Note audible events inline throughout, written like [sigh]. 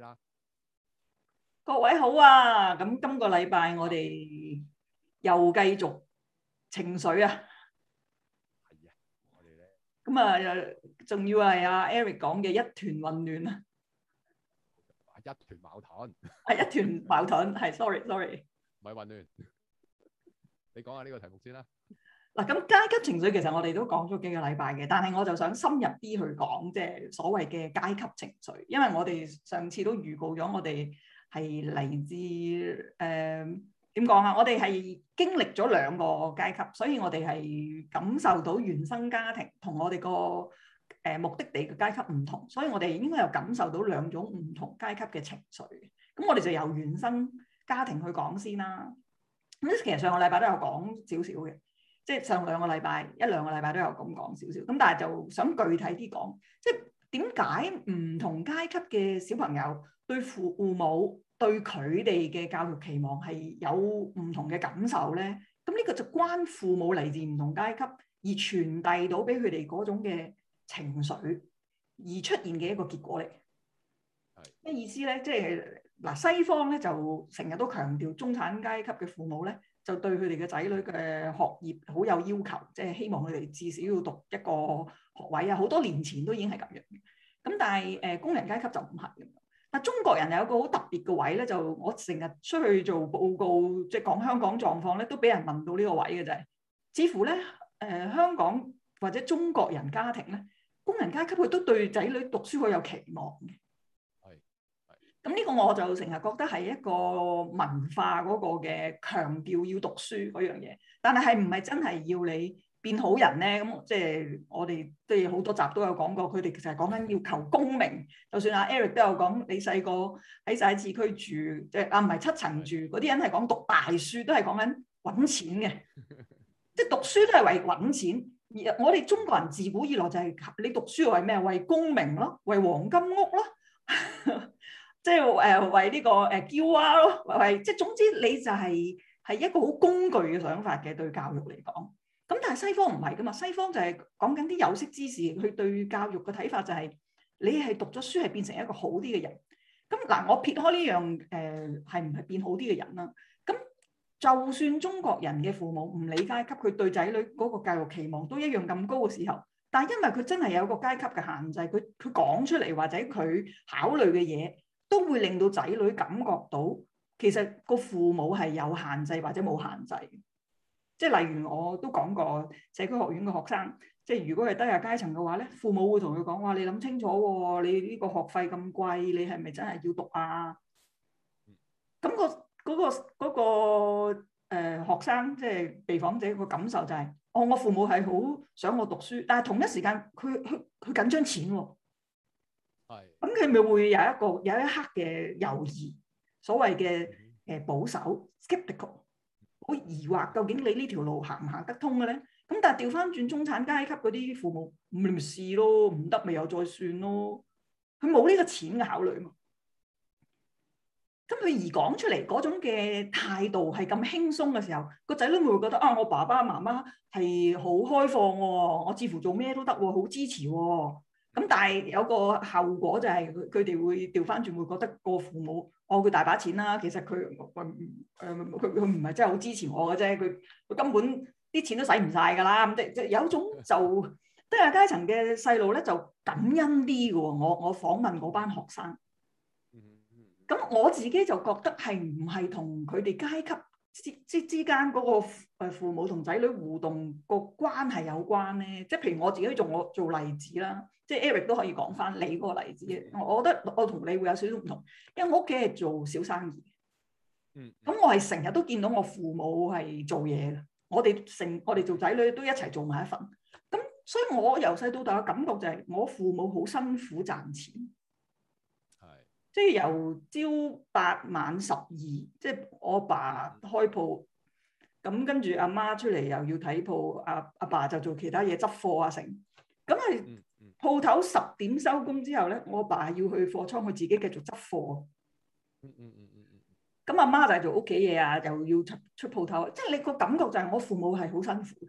啦，各位好啊！咁今個禮拜我哋又繼續情緒啊，係啊！我哋咧，咁啊，仲要係阿 Eric 講嘅一團混亂啊，一團矛盾，係一團矛盾，係，sorry，sorry，唔係混亂，你講下呢個題目先啦。嗱，咁階級情緒其實我哋都講咗幾個禮拜嘅，但係我就想深入啲去講，即係所謂嘅階級情緒。因為我哋上次都預告咗、呃，我哋係嚟自，誒，點講啊？我哋係經歷咗兩個階級，所以我哋係感受到原生家庭同我哋個誒，目的地嘅階級唔同，所以我哋應該有感受到兩種唔同階級嘅情緒。咁我哋就由原生家庭去講先啦。咁其實上個禮拜都有講少少嘅。即係上兩個禮拜一兩個禮拜都有咁講少少，咁但係就想具體啲講，即係點解唔同階級嘅小朋友對父母對佢哋嘅教育期望係有唔同嘅感受咧？咁呢個就關父母嚟自唔同階級而傳遞到俾佢哋嗰種嘅情緒而出現嘅一個結果嚟。係咩是意思咧？即係嗱，西方咧就成日都強調中產階級嘅父母咧，就對佢哋嘅仔女嘅學業好有要求，即係希望佢哋至少要讀一個學位啊！好多年前都已經係咁樣嘅。咁但係誒工人階級就唔係咁。但中國人有一個好特別嘅位咧，就我成日出去做報告，即係講香港狀況咧，都俾人問到呢個位嘅就係，似乎咧，誒香港或者中國人家庭咧，工人階級佢都對仔女讀書好有期望嘅。咁呢個我就成日覺得係一個文化嗰個嘅強調要讀書嗰樣嘢，但係係唔係真係要你變好人咧？咁即係我哋即係對好多集都有講過，佢哋其實係講緊要求功名。就算阿 Eric 都有講，你細個喺西貢區住，即係啊唔係七層住嗰啲人係講讀大書都係講緊揾錢嘅，即係讀書都係為揾錢。而我哋中國人自古以來就係你讀書為咩？為功名咯，為黃金屋咯。 [laughs] 即係誒為呢個誒教育咯，為,、這個呃、為即係總之你就係、是、係一個好工具嘅想法嘅對教育嚟講。咁但係西方唔係噶嘛，西方就係講緊啲有識之士佢對教育嘅睇法就係、是、你係讀咗書係變成一個好啲嘅人。咁、嗯、嗱，我撇開呢樣誒係唔係變好啲嘅人啦。咁、嗯、就算中國人嘅父母唔理階級，佢對仔女嗰個教育期望都一樣咁高嘅時候，但係因為佢真係有個階級嘅限制，佢佢講出嚟或者佢考慮嘅嘢。都會令到仔女感覺到，其實個父母係有限制或者冇限制，即係例如我都講過社區學院嘅學生，即係如果係低下階層嘅話咧，父母會同佢講話：你諗清楚喎，你呢個學費咁貴，你係咪真係要讀啊？咁個嗰個嗰個呃學生即係被訪者個感受就係：哦，我父母係好想我讀書，但係同一時間佢佢佢緊張錢喎。係，咁佢咪會有一個有一刻嘅猶豫，所謂嘅誒保守，skeptical，好疑惑，究竟你呢條路行唔行得通嘅咧？咁、嗯、但係掉返轉，中產階級嗰啲父母唔咪咪試咯，唔得咪又再算咯。佢冇呢個錢考慮嘛，咁、嗯、佢而講出嚟嗰種嘅態度係咁輕鬆嘅時候，個仔女咪會覺得啊，我爸爸媽媽係好開放喎、啊，我似乎做咩都得，好支持、啊。咁但係有個後果就係佢哋會調返轉，會覺得個父母哦佢大把錢啦，啊，其實佢佢佢唔係真係好支持我嘅啫，佢佢根本啲錢都使唔晒㗎啦。咁即即係有一種就低下階層嘅細路咧，就感恩啲嘅喎。我我訪問嗰班學生，咁我自己就覺得係唔係同佢哋階級之之之間嗰個父母同仔女互動個關係有關咧？即係譬如我自己做我做例子啦。即係 Eric 都可以講翻你嗰個例子，mm hmm. 我覺得我同你會有少少唔同，因為我屋企係做小生意，嗯、mm，咁、hmm. 我係成日都見到我父母係做嘢嘅，我哋成我哋做仔女都一齊做埋一份，咁所以我由細到大嘅感覺就係我父母好辛苦賺錢，係、mm，即、hmm. 係由朝八晚十二，即係我爸開鋪，咁跟住阿媽，媽出嚟又要睇鋪，阿、啊、阿爸，爸就做其他嘢執貨啊成，咁係。Mm hmm. 鋪頭十點收工之後咧，我阿爸要去貨倉，佢自己繼續執貨。嗯嗯嗯嗯，咁阿媽就係做屋企嘢啊，又要出出鋪頭，即係你個感覺就係我父母係好辛苦。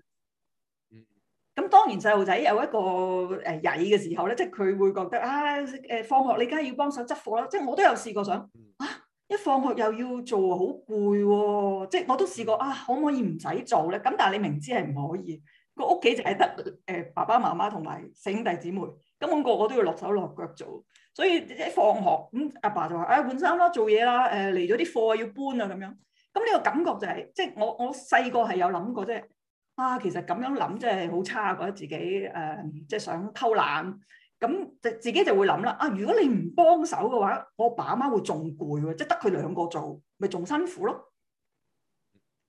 咁、嗯、當然細路仔有一個誒曳嘅時候咧，即係佢會覺得啊，誒放學你梗係要幫手執貨啦。即係我都有試過想啊，一放學又要做，好攰、喎。即係我都試過啊，可唔可以唔使做咧？咁但係你明知係唔可以。個屋企就係得誒爸爸媽媽同埋四兄弟姊妹，根本個個都要落手落腳做，所以一放學咁阿爸，爸就話：啊、哎、換衫啦，做嘢啦，誒嚟咗啲貨要搬啊咁樣。咁、嗯、呢、這個感覺就係、是，即係我我細個係有諗過啫。啊，其實咁樣諗即係好差，覺得自己誒、嗯、即係想偷懶，咁、嗯、就自己就會諗啦。啊，如果你唔幫手嘅話，我爸阿媽會仲攰喎，即係得佢兩個做，咪仲辛苦咯。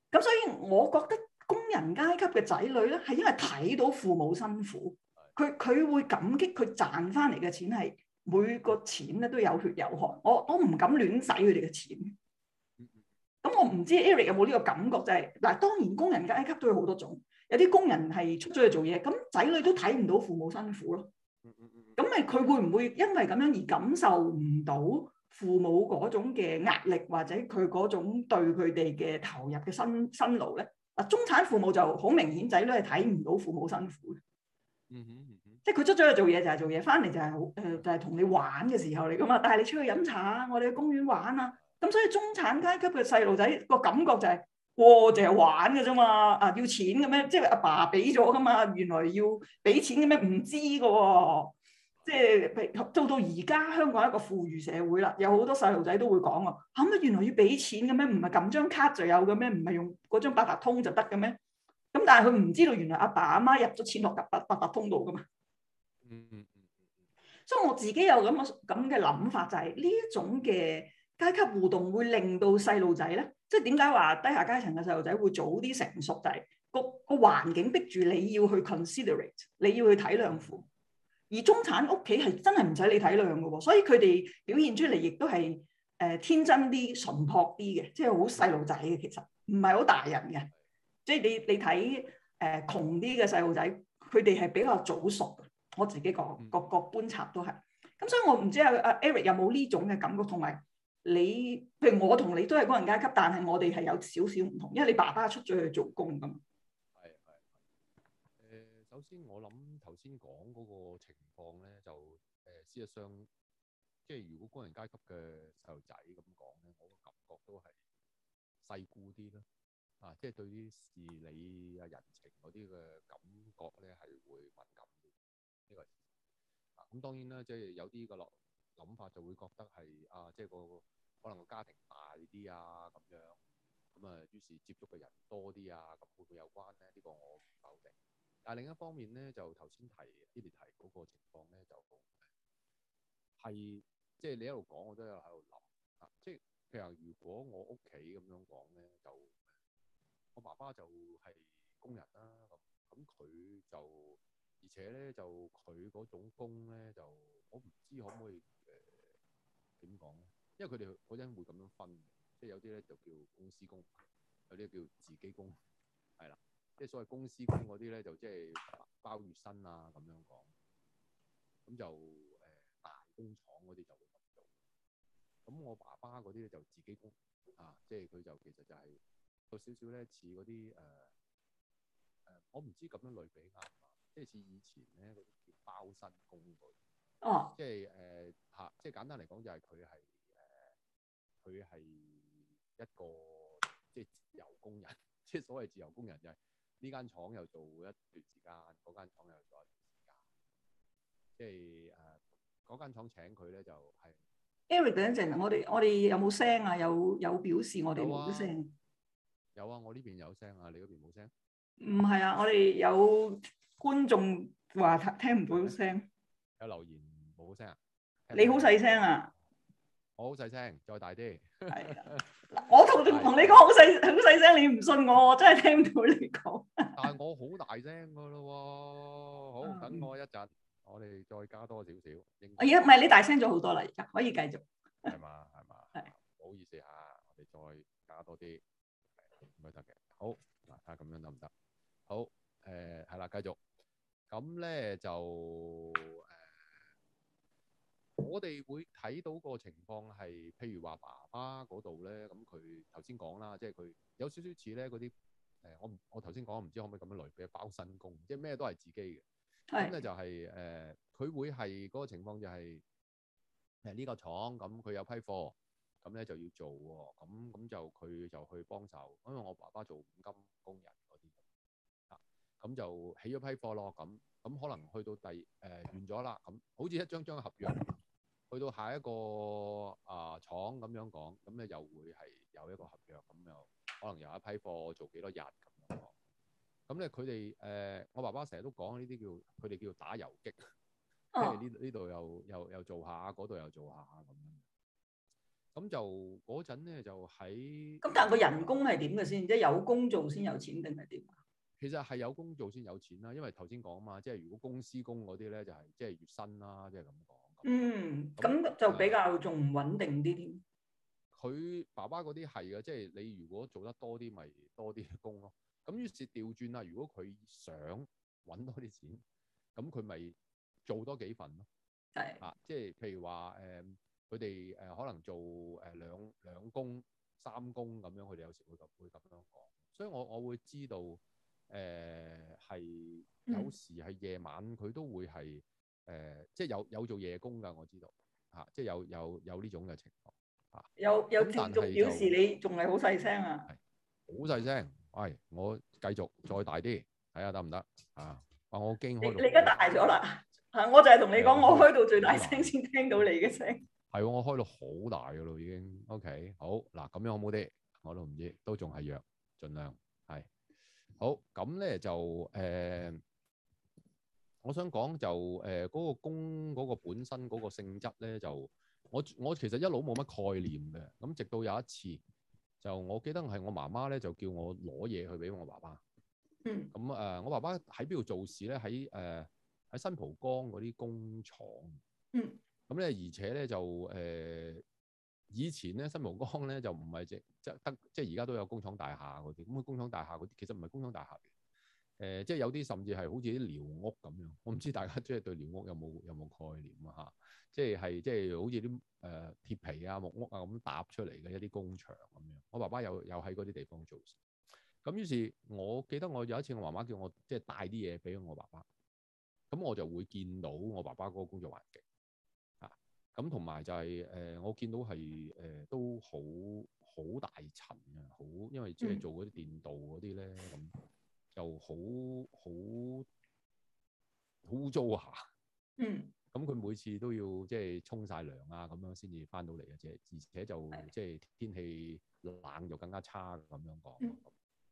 咁所以我覺得。工人階級嘅仔女咧，係因為睇到父母辛苦，佢佢會感激佢賺翻嚟嘅錢係每個錢咧都有血有汗。我我唔敢亂使佢哋嘅錢。咁我唔知 Eric 有冇呢個感覺，就係，嗱，當然工人階級都有好多種，有啲工人係出咗去做嘢，咁仔女都睇唔到父母辛苦咯。咁咪佢會唔會因為咁樣而感受唔到父母嗰種嘅壓力，或者佢嗰種對佢哋嘅投入嘅辛辛勞咧？中產父母就好明顯仔女係睇唔到父母辛苦嘅，嗯哼嗯、哼即係佢出咗去做嘢就係、是、做嘢，翻嚟就係、是、好、呃、就係、是、同你玩嘅時候嚟噶嘛，帶你出去飲茶啊，我哋去公園玩啊，咁所以中產階級嘅細路仔個感覺就係、是，嘩淨係玩噶啫嘛，啊要錢嘅咩？即係阿爸俾咗噶嘛，原來要俾錢嘅咩？唔知噶喎、哦。即係，做到而家香港一個富裕社會啦，有好多細路仔都會講啊，嚇乜原來要俾錢嘅咩？唔係撳張卡就有嘅咩？唔係用嗰張八達通就得嘅咩？咁但係佢唔知道原來阿爸阿媽入咗錢落入八八達通度嘅嘛。嗯嗯嗯。嗯嗯所以我自己有咁嘅咁嘅諗法、就是，就係呢一種嘅階級互動會令到細路仔咧，即係點解話低下階層嘅細路仔會早啲成熟？就係、是、個個環境逼住你要去 considerate，你要去體諒父而中產屋企係真係唔使你體諒嘅喎，哦，所以佢哋表現出嚟亦都係誒天真啲、淳樸啲嘅，即係好細路仔嘅其實，唔係好大人嘅。即係你你睇誒窮啲嘅細路仔，佢哋係比較早熟。我自己個個個觀察都係。咁所以我唔知阿阿、啊、Eric 有冇呢種嘅感覺，同埋你譬如我同你都係工人階級，但係我哋係有少少唔同，因為你爸爸出咗去做工㗎嘛。首先，我諗頭先講嗰個情況咧，就誒、呃，事實上，即係如果工人階級嘅細路仔咁講咧，我個感覺都係細顧啲咯，啊，即係對於事理啊、人情嗰啲嘅感覺咧，係會敏感啲。呢、這個啊，咁當然啦，即係有啲個落諗法就會覺得係啊，即係個可能個家庭大啲啊，咁樣咁啊，於是接觸嘅人多啲啊，咁會唔會有關咧？呢、這個我唔否定。但另一方面咧，就頭先提呢啲提嗰個情況咧，就係即係你一路講，我都有喺度諗啊。即係譬如話，如果我屋企咁樣講咧，就我爸爸就係工人啦。咁佢、嗯、就而且咧，就佢嗰種工咧，就我唔知可唔可以誒點、呃、講咧？因為佢哋嗰陣會咁樣分，即係有啲咧就叫公司工，有啲叫自己工，係啦。即係所謂公司工嗰啲咧，就即係包月薪啊咁樣講，咁就誒、呃、大工廠嗰啲就會咁做。我爸爸嗰啲咧就自己工啊，即係佢就其實就係、是、有少少咧似嗰啲誒誒，我唔知咁樣類比啱，即係似以前咧啲叫包身工嗰啲哦，即係誒嚇，即係簡單嚟講就係佢係誒佢係一個即係自由工人，即係所謂自由工人就係、是。呢間廠又做一段時間，嗰間廠又做一段時間。即係誒，嗰、呃、間廠請佢咧就係、是。Eric 等一陣，我哋我哋有冇聲啊？有有表示我哋冇聲有、啊。有啊，我呢邊有聲啊，你嗰邊冇聲。唔係啊，我哋有觀眾話聽唔到聲。有留言冇聲，聲啊？你好細聲啊！好細聲，再大啲。係 [laughs] 我同同你講好細好細聲，你唔信我，我真係聽唔到你講。 [laughs] 但係我好大聲噶咯喎，好，等我一陣，我哋再加多少少。我而家唔係你大聲咗好多啦，而家可以繼續。係嘛係嘛，係，唔的好意思吓、啊，我哋再加多啲，唔係得嘅。好，下咁樣得唔得？好，誒係啦，繼續，咁咧就。我哋會睇到個情況係，譬如話爸爸嗰度咧，咁佢頭先講啦，即係佢有少少似咧嗰啲，誒、呃，我我頭先講唔知可唔可以咁樣類比，包身工，即係咩都係自己嘅。咁咧就係、是、誒，佢、呃、會係嗰、那個情況就係誒呢個廠咁，佢有批貨，咁咧就要做，咁咁就佢就去幫手，因為我爸爸做五金工人嗰啲，啊，咁就起咗批貨咯，咁咁可能去到第誒、呃、完咗啦，咁好似一張張合約。 [laughs] 去到下一個啊廠咁樣講，咁咧又會係有一個合約，咁又可能有一批貨做幾多日咁樣講。咁咧佢哋誒，我爸爸成日都講呢啲叫佢哋叫打遊擊，即係呢呢度又又又做下，嗰度又做下咁。咁就嗰陣咧就喺咁，但係個人工係點嘅先？即係有工做先有錢定係點？其實係有工做先有錢啦，因為頭先講啊嘛，即係如果公司工嗰啲咧就係即係月薪啦，即係咁講。就是嗯，咁、嗯、就比較仲唔穩定啲啲。佢爸爸嗰啲係嘅，即係你如果做得多啲，咪多啲工咯。咁於是調轉啦，如果佢想揾多啲錢，咁佢咪做多幾份咯。係是啊，即係譬如話誒，佢哋誒可能做誒兩兩工、三工咁樣，佢哋有時會會咁樣講。所以我我會知道誒係、呃、有時係夜晚佢都會係。嗯誒、呃，即係有有做夜工噶，我知道吓、啊，即係有有有呢種嘅情況吓、啊，有有仲仲表示你仲係好細聲啊，好細聲，喂、哎，我繼續再大啲，睇下得唔得啊？啊，我驚開到你而家大咗啦，吓、啊啊，我就係同你講，啊、我開到最大聲先聽到你嘅聲，係、啊，我開到好大噶咯，已經，OK，好，嗱，咁樣好唔好啲？我都唔知，都仲係弱，盡量係好，咁咧就誒。呃我想講就誒嗰個工嗰個本身嗰個性質咧，就我我其實一路冇乜概念嘅，咁直到有一次就我記得係我媽媽咧就叫我攞嘢去俾我爸爸，咁誒我爸爸喺邊度做事咧？喺誒喺新蒲崗嗰啲工廠，咁咧而且咧就誒以前咧新蒲崗咧就唔係隻即得即而家都有工廠大廈嗰啲，咁工廠大廈嗰啲其實唔係工廠大廈。誒、呃、即係有啲甚至係好似啲寮屋咁樣，我唔知大家即係對寮屋有冇有冇概念啊？嚇，即係係即係好似啲誒鐵皮啊、木屋啊咁搭出嚟嘅一啲工場咁樣。我爸爸有有喺嗰啲地方做事。咁於是，我記得我有一次我媽媽叫我即係帶啲嘢俾我爸爸，咁我就會見到我爸爸嗰個工作環境啊。咁同埋就係、是、誒、呃，我見到係誒、呃、都好好大塵啊，好因為即係做嗰啲電鍍嗰啲咧咁。就好好好污糟下， [laughs] 嗯，咁佢每次都要即係沖晒涼啊，咁樣先至翻到嚟嘅啫，而且就即係的天氣冷就更加差咁樣講。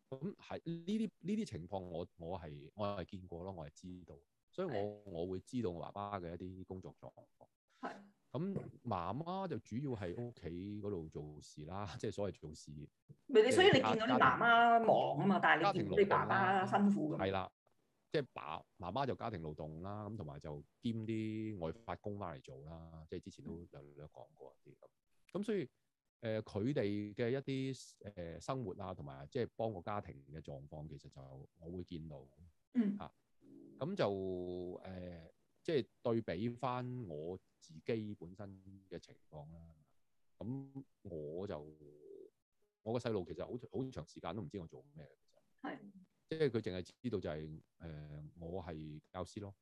咁係呢啲呢啲情況，我我係我係見過咯，我係知道，所以我的我會知道我爸爸嘅一啲工作狀況。係。咁媽媽就主要係屋企嗰度做事啦，即係所謂做事。咪你，所以你，家你見到啲媽媽忙啊嘛，但係你見到你爸爸辛苦咁。係啦，即係爸媽媽就家庭勞動啦，咁同埋就兼啲外發工翻嚟做啦。即係之前都有有講過一啲咁。咁所以誒，佢哋嘅一啲誒生活啊，同埋即係幫個家庭嘅狀況，其實就我會見到。嗯。嚇、啊，咁就誒。呃即係對比翻我自己本身嘅情況啦，咁我就我個細路其實好好長時間都唔知我做咩，其實係即係佢淨係知道就係、是、誒、呃、我係教師咯，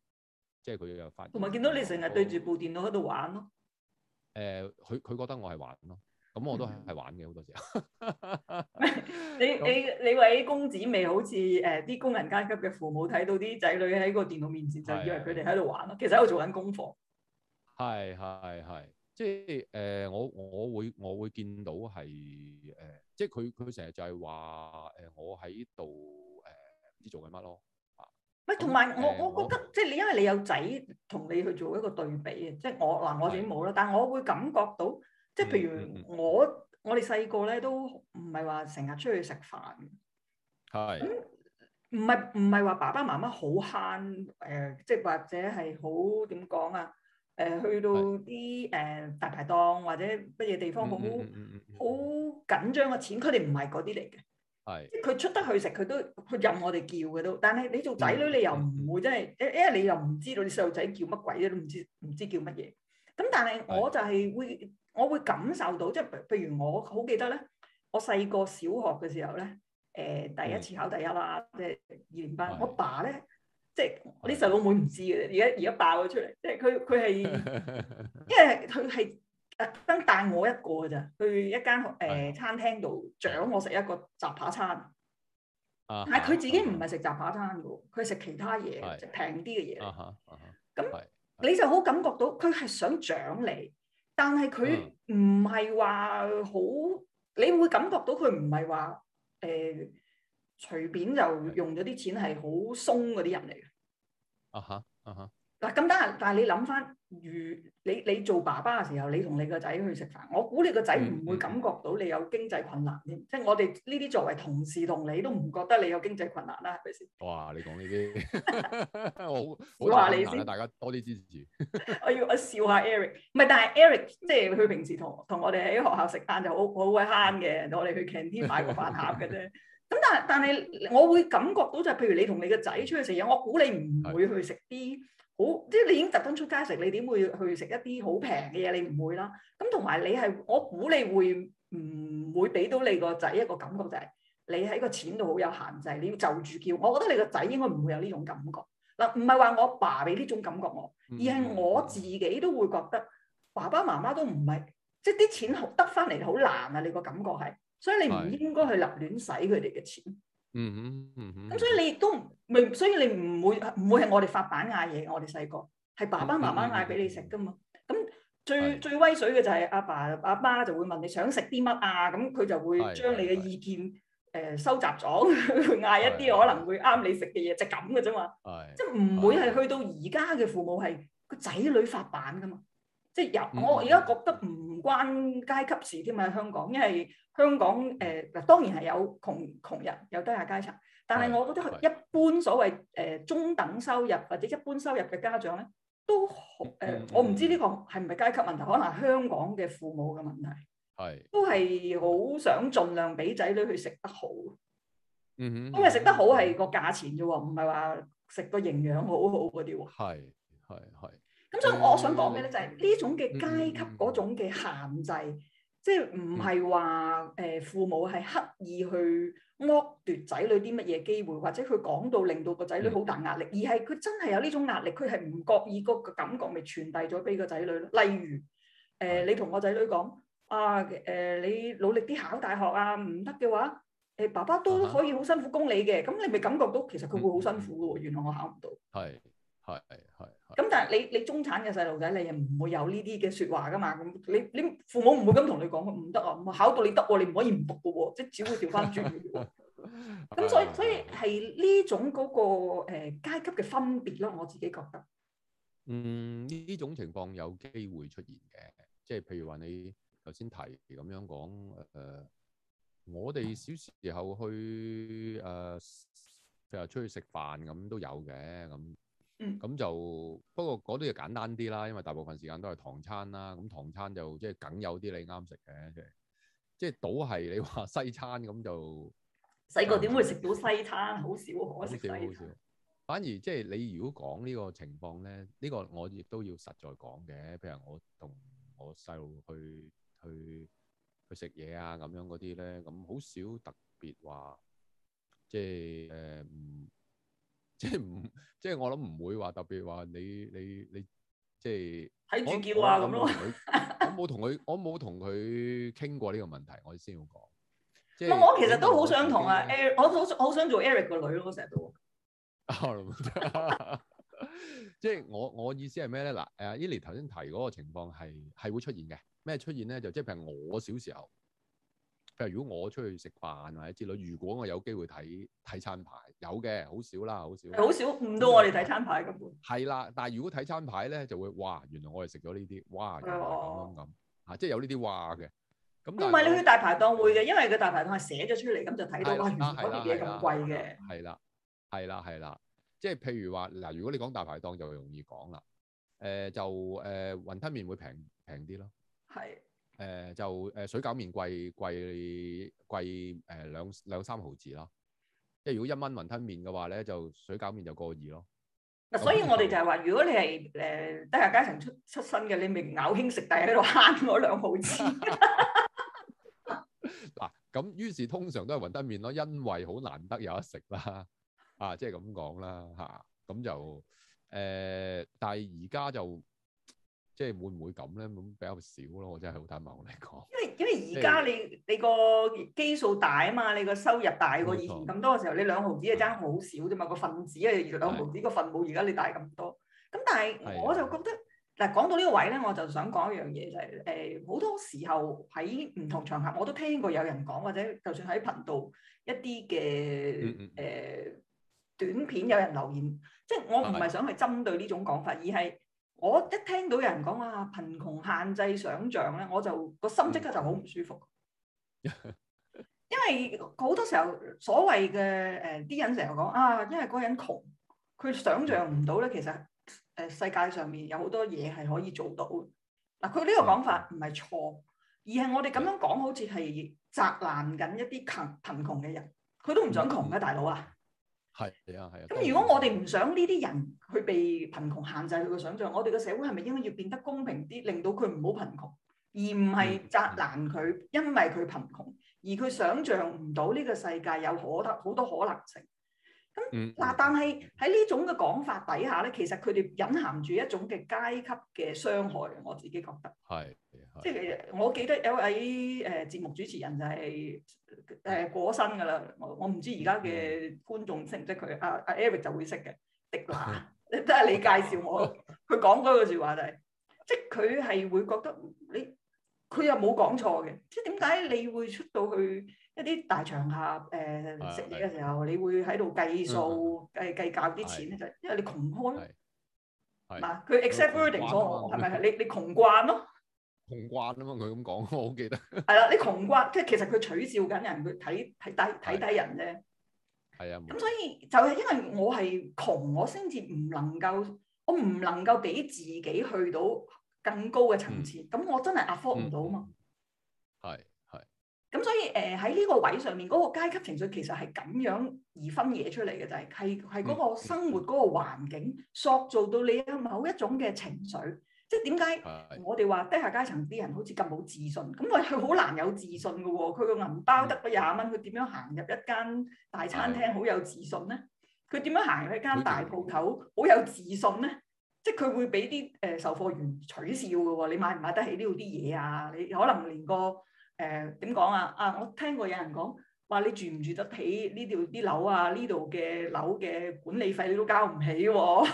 即係佢有發同埋見到你成日對住部電腦喺度玩咯，誒佢佢覺得我係玩咯。咁我都係係玩嘅，好多時候。你你你位公子未好似誒啲工人階級嘅父母睇到啲仔女喺個電腦面前，就以為佢哋喺度玩咯。其實喺度做緊功課。係係係，即係誒我我會我會見到係誒，即係佢佢成日就係話誒，我喺度誒唔知做緊乜咯。唔係，同埋我我覺得即係你因為你有仔同你去做一個對比啊，即係我嗱我哋冇啦，但係我會感覺到。即係譬如我我哋細個咧都唔係話成日出去食飯，係咁，唔係唔係話爸爸媽媽好慳誒，即係或者係好點講啊？誒、呃、去到啲誒是、呃、大排檔或者乜嘢地方好好緊張嘅錢，佢哋唔係嗰啲嚟嘅，係是即係佢出得去食，佢都佢任我哋叫嘅都。但係你做仔女你又唔會真係，是因為你又唔知道你細路仔叫乜鬼都唔知，唔知叫乜嘢。咁但係我就係會。我會感受到，即係譬如我，我好記得咧，我細個小學嘅時候咧，誒、呃、第一次考第一啦，即係二年班。的我爸咧，即係我啲細佬妹唔知嘅，而家而家爆咗出嚟，即係佢佢係，因為佢係特登帶我一個嘅咋，去一間誒、呃、餐廳度獎我食一個雜扒餐。啊！但係佢自己唔係食雜扒餐嘅喎，佢係食其他嘢，即係平啲嘅嘢。啊哈啊哈！咁的你就好感覺到佢係想獎你。但係佢唔係話好，你會感覺到佢唔係話誒，隨便就用咗啲錢係好鬆嗰啲人嚟嘅。啊哈、uh，啊、huh. 哈、uh。Huh. 嗱咁得但係你諗翻，如你你做爸爸嘅時候，你同你個仔去食飯，我估你個仔唔會感覺到你有經濟困難添。嗯、即係我哋呢啲作為同事同你都唔覺得你有經濟困難啦，係咪先？哇！你講呢啲，我話你先，難難 [laughs] 大家多啲支持 [laughs] 我 Eric, Eric, 我。我要我笑下 Eric，唔係，但係 Eric 即係佢平時同同我哋喺學校食飯就好好會慳嘅，我哋去 canteen 買 n 買個飯盒嘅啫。咁但係但係我會感覺到就係、是、譬如你同你個仔出去食嘢，我估你唔會去食啲。好，即係你已經特登出街食，你點會去食一啲好平嘅嘢？你唔會啦。咁同埋你係，我估你會唔會俾到你個仔一個感覺就係、是，你喺個錢度好有限制，你要就住叫。我覺得你個仔應該唔會有呢種感覺。嗱，唔係話我爸俾呢種感覺我，而係我自己都會覺得爸爸媽媽都唔係，即係啲錢得返嚟好難啊！你個感覺係，所以你唔應該去立亂使佢哋嘅錢。嗯嗯嗯，咁所以你亦都唔係，所以你唔會唔會係我哋發版嗌嘢，我哋細個係爸爸媽媽嗌俾你食噶嘛。咁最、嗯、哼最威水嘅就係阿爸阿媽就會問你想食啲乜啊？咁佢就會將你嘅意見誒收集咗，嗌 [laughs] 一啲可能會啱你食嘅嘢，嗯、哼就咁噶啫嘛。係即係唔會係去到而家嘅父母係個仔女發版噶嘛。即係由我而家覺得唔關階級事添啊！香港，因為香港誒嗱、呃、當然係有窮窮人，有低下階層。但係我覺得一般所謂誒、呃、中等收入或者一般收入嘅家長咧，都好誒、呃、我唔知呢個係唔係階級問題，可能係香港嘅父母嘅問題，是都係好想盡量俾仔女去食得好。嗯哼，因為食得好係個價錢啫喎，唔係話食到營養好好嗰啲喎。係係係。咁所以我想講嘅咧？就係呢種嘅階級嗰種嘅限制，即係唔係話誒父母係刻意去剝奪仔女啲乜嘢機會，或者佢講到令到個仔女好大壓力，嗯、而係佢真係有呢種壓力，佢係唔覺意個感覺咪傳遞咗俾個仔女咯。例如誒，呃、的你同個仔女講啊誒、呃，你努力啲考大學啊，唔得嘅話，誒爸爸都可以好辛苦供你嘅。咁、嗯、你咪感覺到其實佢會好辛苦嘅喎。原來我考唔到。係的。係係係，咁但係你你中產嘅細路仔，你又唔會有呢啲嘅說話噶嘛？咁你你父母唔會咁同你講，唔得啊！考到你得，你唔可以唔讀噶、哦，即係只會調翻轉。咁 [laughs] 所以 [laughs] 所以係呢種嗰、嗰個誒階、呃、級嘅分別咯，我自己覺得。嗯，呢種情況有機會出現嘅，即係譬如話你頭先提咁樣講，誒、呃，我哋小時候去誒，譬、呃、如出去食飯咁都有嘅咁。嗯，咁就不過嗰啲就簡單啲啦，因為大部分時間都係唐餐啦，咁唐餐就即係梗有啲你啱食嘅，即係即係倒係你話西餐咁就。細個點會食到西餐？好少，好少好少。反而即係你如果講呢個情況咧，呢個我亦都要實在講嘅。譬如我同我細路去去去食嘢啊，咁樣嗰啲咧，咁好少特別話即係誒唔。嗯即係唔，即係我諗唔會話特別話你你你，即係喺住叫啊咁咯。我冇同佢，我冇同佢傾過呢個問題，我哋先要講。唔、就是，我其實都好想同阿 Eric，我好想，好想做 Eric 個女咯，我成日都。即係 [laughs] [laughs] 我我意思係咩咧？嗱，誒 Eli 頭先提嗰個情況係係會出現嘅。咩出現咧？就即係譬如我小時候。譬如如果我出去食飯或者之類，如果我有機會睇睇餐牌，有嘅好少啦，好少。好少唔到我哋睇餐牌嘅本。係啦， [music] [music] 但係如果睇餐牌咧，就會哇，原來我哋食咗呢啲，哇咁咁嚇，即係有呢啲話嘅。咁唔係你去大排檔會嘅，因為個大排檔係寫咗出嚟，咁就睇到哇，原來啲嘢咁貴嘅。係啦，係啦，係啦，即係譬如話嗱，如果你講大排檔就容易講啦。誒、呃、就誒、呃呃呃、雲吞麵會平平啲咯。係。誒、呃、就誒、呃、水餃麵貴貴貴誒、呃、兩兩三毫子咯，即係如果一蚊雲吞麵嘅話咧，就水餃麵就過二咯。嗱，所以我哋就係話，如果你係誒低下階層出出身嘅，你咪咬輕食但係喺度慳嗰兩毫子。嗱、 [laughs] [laughs] 啊，咁於是通常都係雲吞麵咯，因為好難得有得食啦，啊，即係咁講啦，嚇、啊，咁就誒、啊，但係而家就。啊即係會唔會咁咧？咁比較少咯，我真係好坦白同你講。因為因為而家你的你個基數大啊嘛，你個收入大過以前咁多嘅時候，你兩毫子啊爭好少啫嘛，個份、嗯、子啊兩毫子個份的母而家你大咁多。咁但係我就覺得嗱，的講到呢個位咧，我就想講一樣嘢就係、是、誒，好、呃、多時候喺唔同場合我都聽過有人講，或者就算喺頻道一啲嘅誒短片有人留言，嗯嗯、即係我唔係想去針對呢種講法，而係。我一聽到有人講啊貧窮限制想象咧我就個心即刻就好唔舒服， [laughs] 因為好多時候所謂嘅誒啲人成日講啊，因為嗰人窮，佢想象唔到咧，其實誒、呃、世界上面有好多嘢係可以做到。嗱、啊，佢呢個講法唔係錯，的而係我哋咁樣講好似係責難緊一啲貧貧窮嘅人，佢都唔想窮嘅大佬啊！係，係，啊，係啊。咁如果我哋唔想呢啲人去被貧窮限制佢嘅想象，我哋嘅社會係咪應該要變得公平啲，令到佢唔好貧窮，而唔係責難佢，因為佢貧窮而佢想象唔到呢個世界有可得好多可能性？咁嗱，嗯、但係喺呢種嘅講法底下咧，其實佢哋隱含住一種嘅階級嘅傷害，我自己覺得。係，即係我記得有位誒節目主持人就係、是、誒、呃、過身㗎啦。我我唔知而家嘅觀眾識唔識佢。阿阿、嗯啊、Eric 就會識嘅，迪娜，即係你介紹我。佢講嗰個説話就係、是，即係佢係會覺得你佢又冇講錯嘅，即係點解你會出到去？一啲大場合，誒食嘢嘅時候，你會喺度計數、計計較啲錢咧，就因為你窮開，嗱，佢 exaggerating 咗我，係咪？你你窮慣咯，窮慣啊嘛！佢咁講，我好記得。係啦，你窮慣，即係其實佢取笑緊人，佢睇睇低睇低人啫。係啊。咁所以就係因為我係窮，我先至唔能夠，我唔能夠俾自己去到更高嘅層次，咁我真係 afford 唔到啊嘛。係。咁所以誒，喺呢個位上面，嗰個階級情緒其實係咁樣而分嘢出嚟嘅，就係係係嗰個生活嗰個環境塑造到你某一種嘅情緒，即係點解我哋話低下階層啲人好似咁冇自信？咁佢好難有自信嘅喎，佢個銀包得佢廿蚊，佢點樣行入一間大餐廳好有自信呢？佢點樣行入一間大鋪頭好有自信呢？即係佢會俾啲誒售貨員取笑嘅喎，你買唔買得起呢度啲嘢啊？你可能連個～誒點講啊？啊，我聽過有人講話，你住唔住得起呢度啲樓啊？呢度嘅樓嘅管理費你都交唔起喎。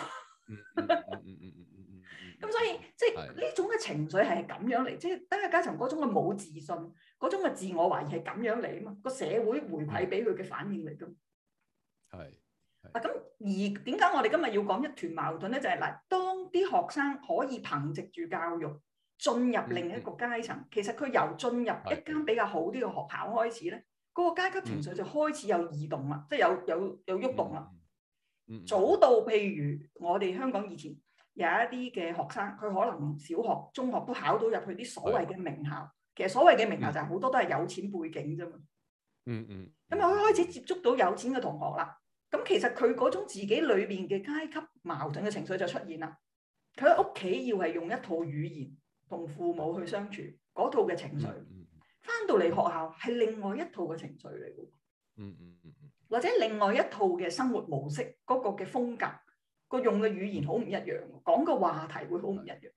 嗯嗯嗯嗯嗯嗯。咁所以即係呢種嘅情緒係咁樣嚟，即係加上加上嗰種嘅冇自信，嗰種嘅自我懷疑係咁樣嚟啊嘛。個社會回饋俾佢嘅反應嚟嘅。係、嗯。啊咁，而點解我哋今日要講一團矛盾咧？就係、係、嗱，當啲學生可以憑藉住教育。進入另一個階層，其實佢由進入一間比較好啲嘅學校開始咧，嗰的個階級情緒就開始有移動啦，嗯、即係有有有喐動啦。嗯嗯、早到譬如我哋香港以前有一啲嘅學生，佢可能小學、中學都考到入去啲所謂嘅名校，的其實所謂嘅名校就係好多都係有錢背景啫嘛、嗯。嗯嗯。咁啊，佢開始接觸到有錢嘅同學啦。咁其實佢嗰種自己裏邊嘅階級矛盾嘅情緒就出現啦。佢喺屋企要係用一套語言。同父母去相處嗰、嗯、套嘅情緒，翻、嗯嗯、到嚟學校係另外一套嘅情緒嚟嘅，嗯嗯、或者另外一套嘅生活模式嗰、嗰個嘅風格，個用嘅語言好唔一樣，講嘅話題會好唔一樣。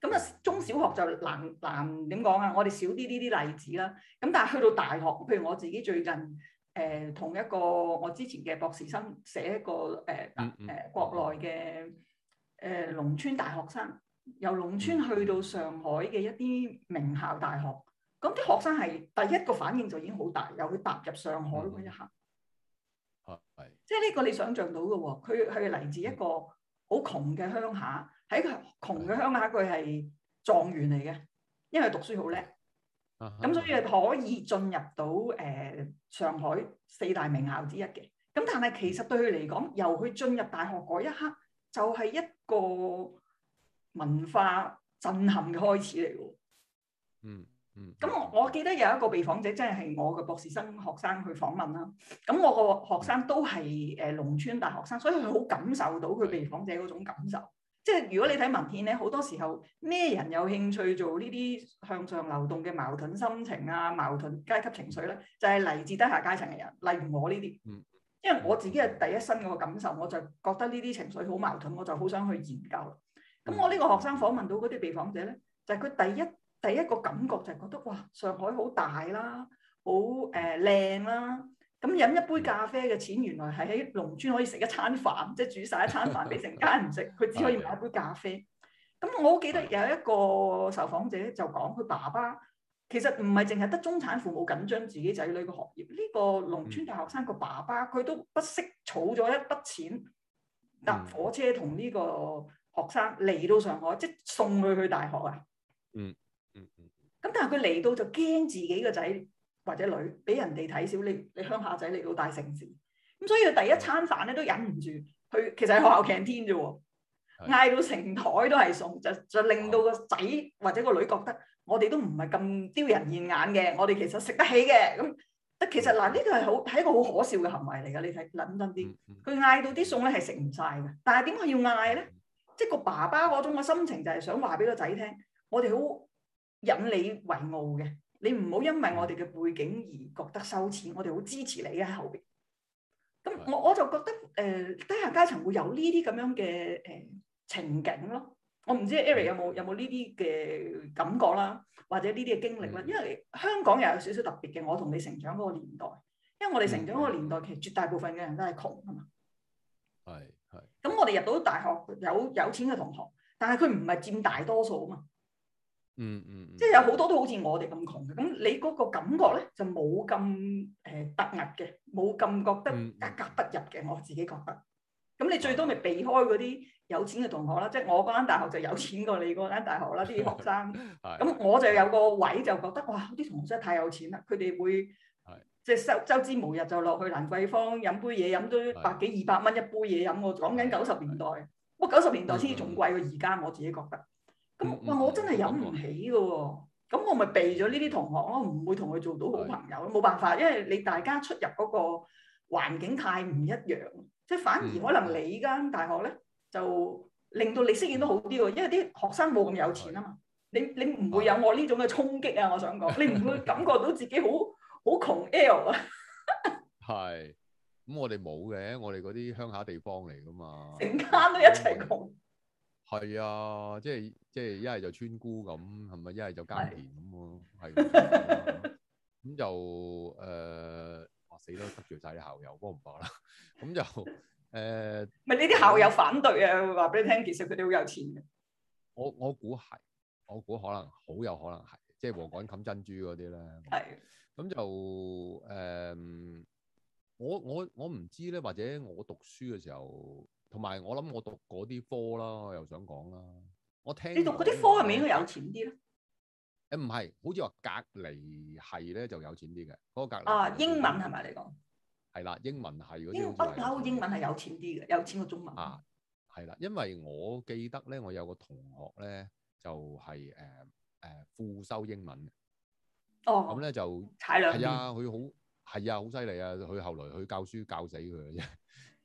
咁啊，中小學就難難點講啊，我哋少啲呢啲例子啦。咁但係去到大學，譬如我自己最近誒、呃、同一個我之前嘅博士生寫一個誒誒、呃呃、國內嘅誒、呃、農村大學生。由農村去到上海嘅一啲名校大學，咁啲、嗯、學生係第一個反應就已經好大，由佢踏入上海嗰一刻，嗯、即係呢個你想象到嘅喎、哦，佢佢嚟自一個好窮嘅鄉下，喺個窮嘅鄉下佢係狀元嚟嘅，因為佢讀書好叻，咁、嗯、所以可以進入到誒、呃、上海四大名校之一嘅，咁但係其實對佢嚟講，由佢進入大學嗰一刻就係一個。文化震撼嘅開始嚟喎、嗯，嗯嗯。咁我我記得有一個被訪者，即係我嘅博士生學生去訪問啦。咁我個學生都係誒、呃、農村大學生，所以佢好感受到佢被訪者嗰種感受。即係如果你睇文獻咧，好多時候咩人有興趣做呢啲向上流動嘅矛盾心情啊、矛盾階級情緒咧，就係、是、嚟自低下階層嘅人，例如我呢啲。嗯。因為我自己係第一身嗰個感受，我就覺得呢啲情緒好矛盾，我就好想去研究。咁我呢個學生訪問到嗰啲被訪者咧，就係佢第一第一個感覺就係覺得哇，上海好大啦，好誒靚啦。咁飲一杯咖啡嘅錢，原來係喺農村可以食一餐飯，即係煮晒一餐飯俾成家人食，佢 [laughs] 只可以買一杯咖啡。咁我好記得有一個受訪者就講，佢爸爸，其實唔係淨係得中產父母緊張自己仔女嘅學業，呢個農村大學生個爸爸佢都不惜儲咗一筆錢搭、嗯啊、火車同呢個。學生嚟到上海，即係送佢去大學啊。嗯嗯嗯。咁、嗯、但係佢嚟到就驚自己個仔或者女俾人哋睇小。你你鄉下仔嚟到大城市，咁所以佢第一餐飯咧都忍唔住去，其實喺學校餐廳啫喎，嗌、嗯嗯、到成台都係餸，就就令到個仔或者個女覺得我哋都唔係咁丟人現眼嘅，我哋其實食得起嘅。咁其實嗱，呢個係好係一個好可笑嘅行為嚟㗎。你睇諗真啲，佢嗌、嗯嗯、到啲餸咧係食唔晒嘅，但係點解要嗌咧？即係個爸爸嗰種嘅心情，就係想話俾個仔聽，我哋好引你為傲嘅，你唔好因為我哋嘅背景而覺得羞恥，我哋好支持你喺後邊。咁我我就覺得誒、呃、低下階層會有呢啲咁樣嘅誒、呃、情景咯。我唔知 Eric 有冇有冇呢啲嘅感覺啦，或者呢啲嘅經歷啦。嗯、因為香港又有少少特別嘅，我同你成長嗰個年代，因為我哋成長嗰個年代，嗯、其實絕大部分嘅人都係窮啊嘛。係。嗯嗯咁我哋入到大學有有錢嘅同學，但係佢唔係佔大多數啊嘛。嗯嗯。嗯即係有好多都好似我哋咁窮嘅。咁你嗰個感覺咧就冇咁誒突兀嘅，冇、呃、咁覺得格格不入嘅。我自己覺得。咁、嗯嗯、你最多咪避開嗰啲有錢嘅同學啦。即、就、係、是、我嗰間大學就有錢過你嗰間大學啦。啲學生。係、嗯。咁 [laughs] 我就有個位就覺得哇，啲同學真係太有錢啦。佢哋會。即係周周知，之無日就落去蘭桂坊飲杯嘢，飲都百幾二百蚊一杯嘢飲喎。我講緊九十年代，我九十年代先至仲貴過而家，我自己覺得。咁話我真係飲唔起嘅喎，咁我咪避咗呢啲同學咯，唔會同佢做到好朋友咯，冇的辦法，因為你大家出入嗰個環境太唔一樣。即係反而可能你間大學咧，就令到你適應都好啲喎，因為啲學生冇咁有錢啊嘛的。你你唔會有我呢種嘅衝擊啊！我想講，你唔會感覺到自己好。 [laughs] 好窮 L 啊！係咁，我哋冇嘅，我哋嗰啲鄉下地方嚟噶嘛，成間都一齊窮。係啊，即係即係一係就村姑咁，係咪一係就耕田咁啊？係咁就誒，死咯，執住晒啲校友幫唔幫啦？咁就誒，唔係呢啲校友反對啊？話俾你聽，其實佢哋好有錢嘅。我我估係，我估可能好有可能係，即係和趕冚珍珠嗰啲咧。係。咁就誒、嗯，我我我唔知咧，或者我讀書嘅時候，同埋我諗我讀嗰啲科啦，我又想講啦。我聽你讀嗰啲科係咪應該有錢啲咧？誒，唔係，好似話隔離係咧就有錢啲嘅嗰個隔離。啊，英文係咪你講？係啦，英文係嗰啲。不嬲，英文係有錢啲嘅，有錢過中文。啊，係啦，因為我記得咧，我有個同學咧，就係誒誒副修英文。哦，咁咧就踩兩腳，係啊，佢好係啊，好犀利啊！佢後來去教書教死佢嘅啫。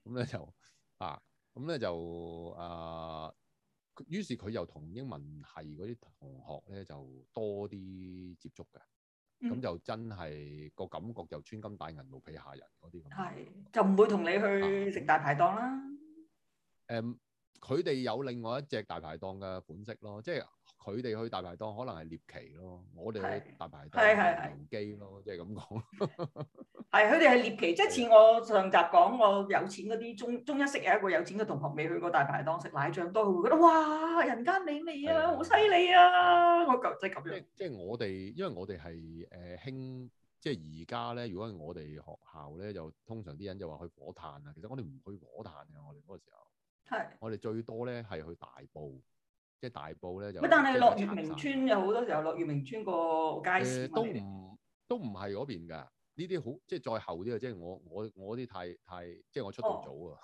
咁 [laughs] 咧就啊，咁咧就啊，於是佢又同英文系嗰啲同學咧就多啲接觸嘅。咁、嗯、就真係個感覺就穿金戴銀奴婢下人嗰啲咁。係，就唔會同你去食、啊、大排檔啦。誒、嗯，佢哋有另外一隻大排檔嘅款式咯，即係。佢哋去大排檔可能係獵奇咯，我哋去大排檔係係係無機咯，即係咁講。係佢哋係獵奇，的即係似我上集講，我有錢嗰啲中中一識有一個有錢嘅同學，未去過大排檔食奶醬，都會覺得哇，人間美味啊，好犀利啊！我覺得即係咁樣。即係我哋，因為我哋係誒興，即係而家咧。如果係我哋學校咧，就通常啲人就話去火炭啊。其實我哋唔去火炭嘅，我哋嗰個時候係的我哋最多咧，係去大埔。即係大埔咧就，但係是落月明村有好多時候落月明村個街市、啊呃，都唔都唔係嗰邊㗎。呢啲好即係再後啲啊！即、就、係、是、我我我啲太太，即係我出道早啊！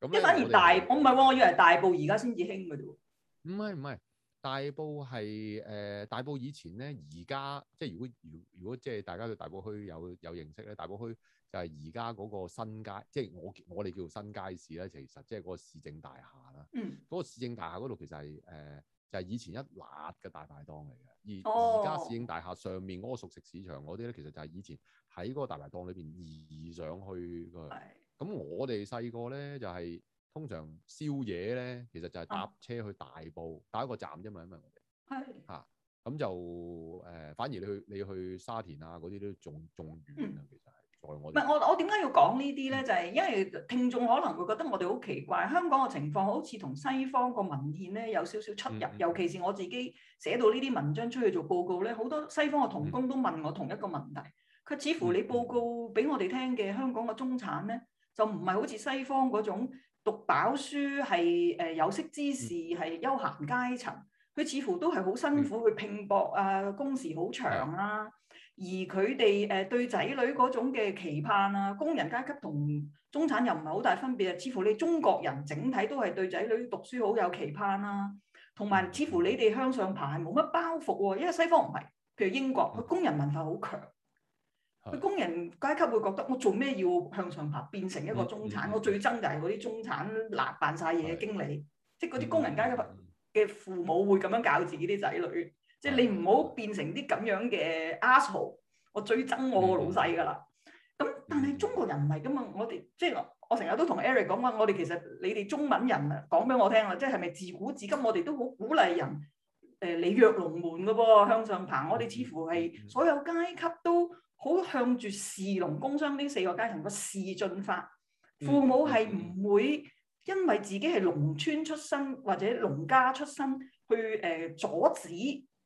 咁、哦，一 [laughs] 呢反而大，我唔係我、哦、我以為大埔而家先至興嘅啫喎。唔係唔係，大埔係誒、呃、大埔以前咧，而家即係如果如如果即係大家對大埔區有有、有認識咧，大埔區。就係而家嗰個新街，即係我我哋叫新街市咧。其實即係嗰個市政大廈啦，嗰、嗯、個市政大廈嗰度其實係誒、呃、就係、是、以前一辣嘅大排檔嚟嘅。而而家市政大廈上面嗰個熟食市場嗰啲咧，其實就係以前喺嗰個大排檔裏邊移上去嘅。咁是我哋細個咧就係、是、通常宵夜咧，其實就係搭車去大埔、啊、打一個站啫嘛，因為我哋係嚇咁就誒、呃，反而你去你去沙田啊嗰啲都仲仲遠啊，其實。嗯。唔係我我點解要講呢啲咧？就係、是、因為聽眾可能會覺得我哋好奇怪，香港嘅情況好似同西方個文獻咧有少少出入。嗯、尤其是我自己寫到呢啲文章出去做報告咧，好多西方嘅同工都問我同一個問題。佢似乎你報告俾我哋聽嘅香港嘅中產咧，就唔係好似西方嗰種讀飽書係有識之士係休、嗯、閒階層。佢似乎都係好辛苦去拼搏、嗯、啊，工時好長啦、啊。而佢哋誒對仔女嗰種嘅期盼啊，工人階級同中產又唔係好大分別啊。似乎你中國人整體都係對仔女讀書好有期盼啦、啊，同埋似乎你哋向上爬係冇乜包袱喎、啊，因為西方唔係，譬如英國，佢工人文化好強，佢的工人階級會覺得我做咩要向上爬變成一個中產？嗯、我最憎就係嗰啲中產嗱扮晒嘢嘅經理，即係嗰啲工人階級嘅父母會咁樣教自己啲仔女。即係你唔好變成啲咁樣嘅阿曹，我最憎我個老細噶啦。咁但係中國人唔係噶嘛，我哋即係我成日都同 Eric 講話，我哋其實你哋中文人啊，講俾我聽啊，即係係咪自古至今我哋都好鼓勵人誒、呃、你躍龍門嘅噃，向上爬。我哋似乎係所有階級都好向住士農工商呢四個階層個士進發。父母係唔會因為自己係農村出生或者農家出生去誒、呃、阻止，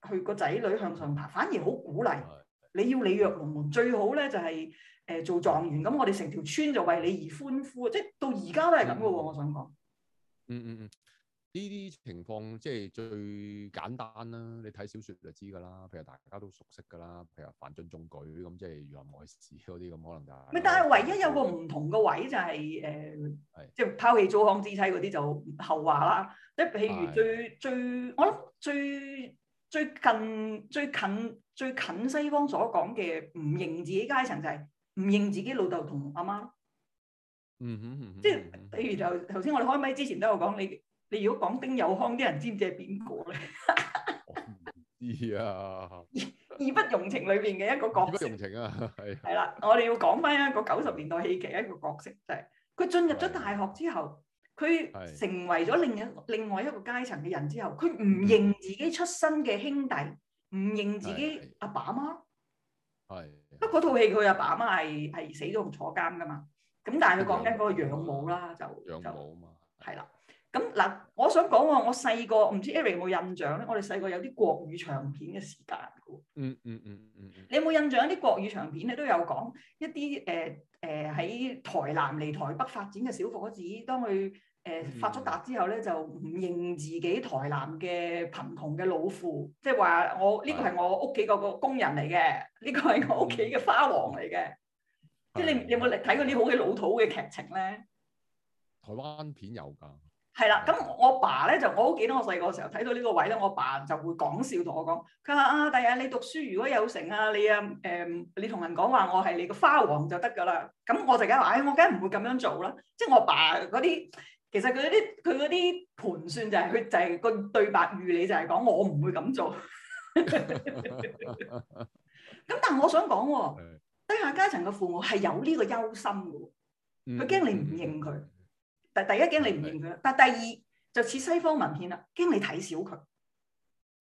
佢個仔女向上爬，反而好鼓勵。你要你躍龍門最好咧，就係、是、誒、呃、做狀元咁，我哋成條村就為你而歡呼。即係到而家都係咁嘅喎，嗯、我想講、嗯。嗯嗯嗯，呢啲情況即係、就是、最簡單啦。你睇小說就知㗎啦，譬如大家都熟悉㗎啦，譬如范進中舉咁，即係儒林外史嗰啲咁，可能就係、是。但係唯一有個唔同嘅位就係、是、誒，即係的、呃就是、拋棄糟糠之妻嗰啲就後話啦。即係譬如最的最，最，我諗最。最近最近最近西方所講嘅唔認自己階層，就係唔認自己老豆同阿媽。嗯哼，嗯即係譬如就頭先我哋開麥之前都有講，你你如果講丁有康啲人知唔知係邊個咧？唔 [laughs] 知啊！義不容情裏邊嘅一個角色。不容情啊！係。係啦，我哋要講翻一個九十年代戲劇一個角色，就係佢進入咗大學之後。佢成為咗另一另外一個階層嘅人之後，佢唔認自己出身嘅兄弟，唔 [laughs] 認自己阿爸媽。係， [laughs] 不過套戲佢阿爸阿媽係係死咗同坐監噶嘛。咁但係佢講緊嗰個養母啦，就就，養母啊嘛。係啦。咁嗱，我想講喎，我細個唔知 Eric 有冇印象咧？我哋細個有啲國語長片嘅時間嗯嗯嗯嗯。 [laughs] 你有冇印象有啲國語長片咧，都有講一啲誒誒喺台南嚟台北發展嘅小伙子，當佢。誒、嗯、發咗達之後咧，就唔認自己台南嘅貧窮嘅老父，即係話我呢、呢個係我屋企嗰個工人嚟嘅，呢、呢個係我屋企嘅花王嚟嘅。嗯嗯、即係你，你有冇嚟睇過啲好嘅老土嘅劇情咧？台灣片有㗎。係啦，咁我爸咧就我好記得我細個嘅時候睇到呢個位咧，我爸就會講笑同我講，佢話啊，第日你讀書如果有成啊，你啊誒、嗯、你同人講話我係你個花王就得㗎啦。咁我就梗係話，我梗係唔會咁樣做啦。即係我爸嗰啲。其實佢嗰啲佢啲盤算就係、是、佢就係個對白預理就係講我唔會咁做。咁 [laughs] 但係我想講，低下階層嘅父母係有呢個憂心嘅，佢驚、嗯、你唔認佢。嗯、但第一驚你唔認佢，的但第二就似西方文獻啦，驚你睇小佢。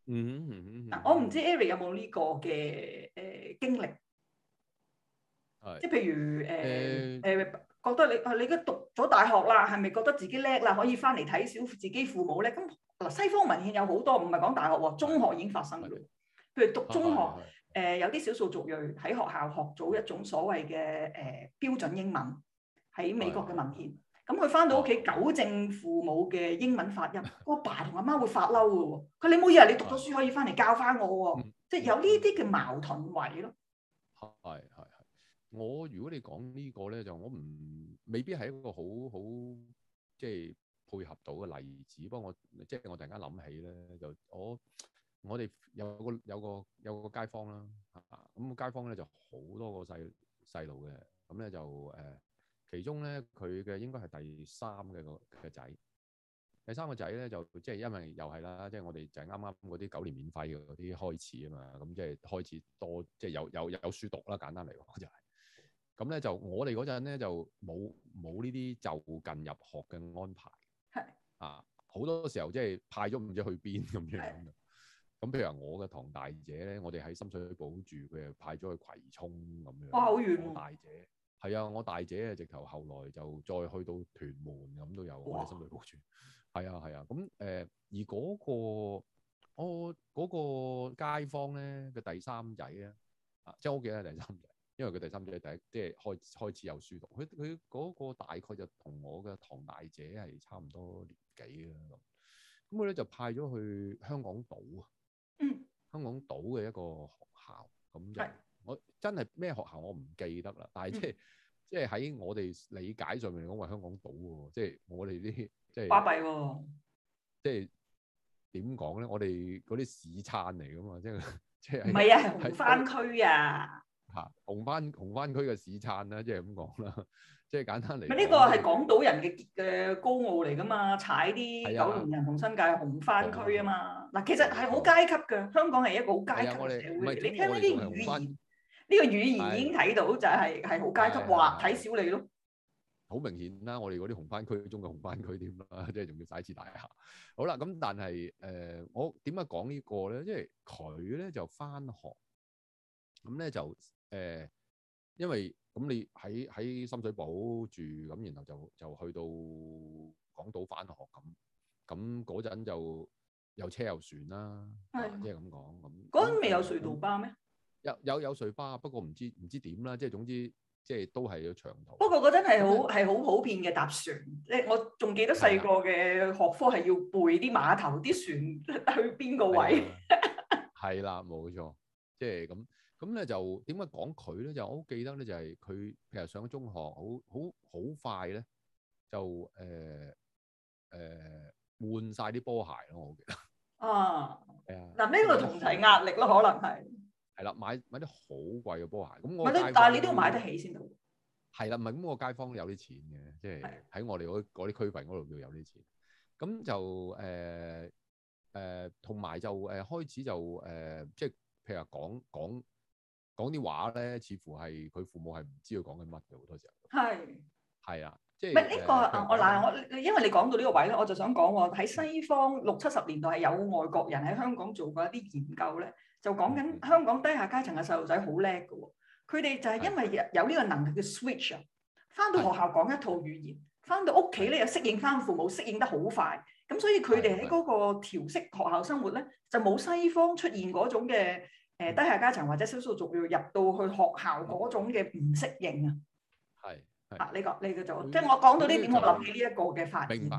嗯，嗯我唔知 Eric 有冇呢個嘅誒、呃、經歷，即係譬如誒。呃呃呃覺得你係你而家讀咗大學啦，係咪覺得自己叻啦，可以翻嚟睇小自己父母咧？咁嗱，西方文獻有好多，唔係講大學喎，中學已經發生嘅喎。譬如讀中學，誒、呃、有啲少數族裔喺學校學到一種所謂嘅誒、呃、標準英文，喺美國嘅文獻。咁佢翻到屋企，糾正父母嘅英文發音，我爸同阿媽會發嬲嘅喎。佢你冇以為你讀咗書可以翻嚟教翻我喎？即係有呢啲嘅矛盾位咯。係。我如果你講呢個咧，就我唔未必係一個好好即係配合到嘅例子。不過我即係我突然間諗起咧，就我我哋有個有個有個街坊啦，咁、嗯、街坊咧就好多個細細路嘅，咁咧、嗯、就誒、呃，其中咧佢嘅應該係第三嘅個個仔，第三個仔咧就即係因為又係啦，即係我哋就係啱啱嗰啲九年免費嘅嗰啲開始啊嘛，咁、嗯、即係開始多即係有有有，有書讀啦，簡單嚟講就係、是。咁咧就我哋嗰陣咧就冇冇呢啲就近入學嘅安排，係的啊，好多時候即係派咗唔知去邊咁樣。咁的譬如話我嘅堂大姐咧，我哋喺深水埗住，佢又派咗去葵涌咁樣。哇！好遠喎、啊。大姐係啊，我大姐啊，直頭後來就再去到屯門咁都有。我喺深水埗住。係啊係啊，咁誒、啊啊嗯、而嗰、那個我嗰、哦那個街坊咧嘅第三仔咧，啊即係我記得第三仔。因為佢第三子，第一即係開始開始有書讀，佢佢嗰個大概就同我嘅堂大姐係差唔多年紀啊，咁，咁佢咧就派咗去香港島啊，嗯，香港島嘅一個學校，咁就是我真係咩學校我唔記得啦，但係即係即係喺我哋理解上面嚟講，係香港島嘅，即係我哋啲即係巴閉，即係點講咧？我哋嗰啲市餐嚟噶嘛，即係即係唔係啊？係紅山區啊！紅番紅番區嘅市撐啦，即係咁講啦，即係簡單嚟講，咪呢個係港島人嘅嘅高傲嚟噶嘛？踩啲九龍人同新界紅番區啊嘛！嗱，其實係好階級噶，香港係一個好階級社會嚟。你聽呢啲語言，呢個語言已經睇到就係係好階級話睇小你咯。好明顯啦，我哋嗰啲紅番區中嘅紅番區點啦，即係仲要寫字樓大廈。好啦，咁但係誒，我點解講呢個咧？即係佢咧就翻學，咁咧就。誒，因為咁你喺喺深水埗住，咁然後就就去到港島返學咁，咁嗰陣就有車有船啦，即係咁講咁。嗰陣未、啊就是、有隧道巴咩？有有有隧道巴，不過唔知唔知點啦，即係總之即係、就是、都係有長途。不過嗰陣係好係好普遍嘅搭船，即係我仲記得細個嘅學科係要背啲碼頭啲船去邊個位。係啦，冇錯，即係咁。就是咁咧就點解講佢咧？就好、是、記得咧，就係佢譬如上中學，好好好快咧，就誒誒、呃呃、換晒啲波鞋咯。我記得啊，嗱呢 [laughs] 的個同齊壓力咯，可能係係啦，買買啲好貴嘅波鞋。咁我但係你都要買得起先得。係啦，唔係咁我街坊有啲錢嘅，即係喺我哋嗰啲區域嗰度要有啲錢。咁的就誒誒，同、呃、埋、呃、就誒、呃、開始就誒、呃，即係譬如話講講。講啲話咧，似乎係佢父母係唔知道講緊乜嘅好多時候。係係啊，即係唔係呢個啊、嗯？我嗱，我因為你講到呢個位咧，我就想講喎。喺西方六七十年代係有外國人喺香港做過一啲研究咧，就講緊香港低下階層嘅細路仔好叻㗎喎。佢哋就係因為有呢個能力嘅 switch 啊，翻到學校講一套語言，翻到屋企咧又適應翻父母，適應得好快。咁所以佢哋喺嗰個調適學校生活咧，就冇西方出現嗰種嘅。誒，低下階層或者少數族要入到去學校嗰種嘅唔適應啊，係、係。啊呢個呢個就即係我講到呢點，就係、我諗起呢一個嘅發現。明白，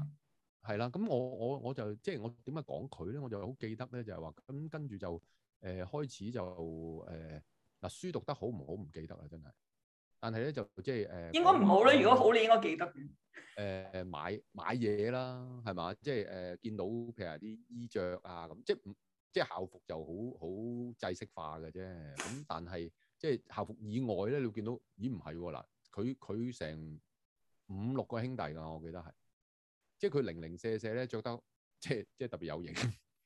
係啦，咁我我我就即係我點解講佢咧？我就好記得咧，就係話咁跟住就誒開始就誒嗱、呃、書讀得好唔好唔記得啊，真係。但係咧就即係誒，呃、應該唔好啦。如果好你應該記得。誒、呃、買買嘢啦，係嘛？即係誒、呃、見到譬如啲衣着啊咁，即係即係校服就好好制式化嘅啫，咁但係即係校服以外咧，你會見到咦，唔係嗱，佢佢成五六個兄弟噶、啊，我記得係，即係佢零零舍舍咧，着得即係即係特別有型，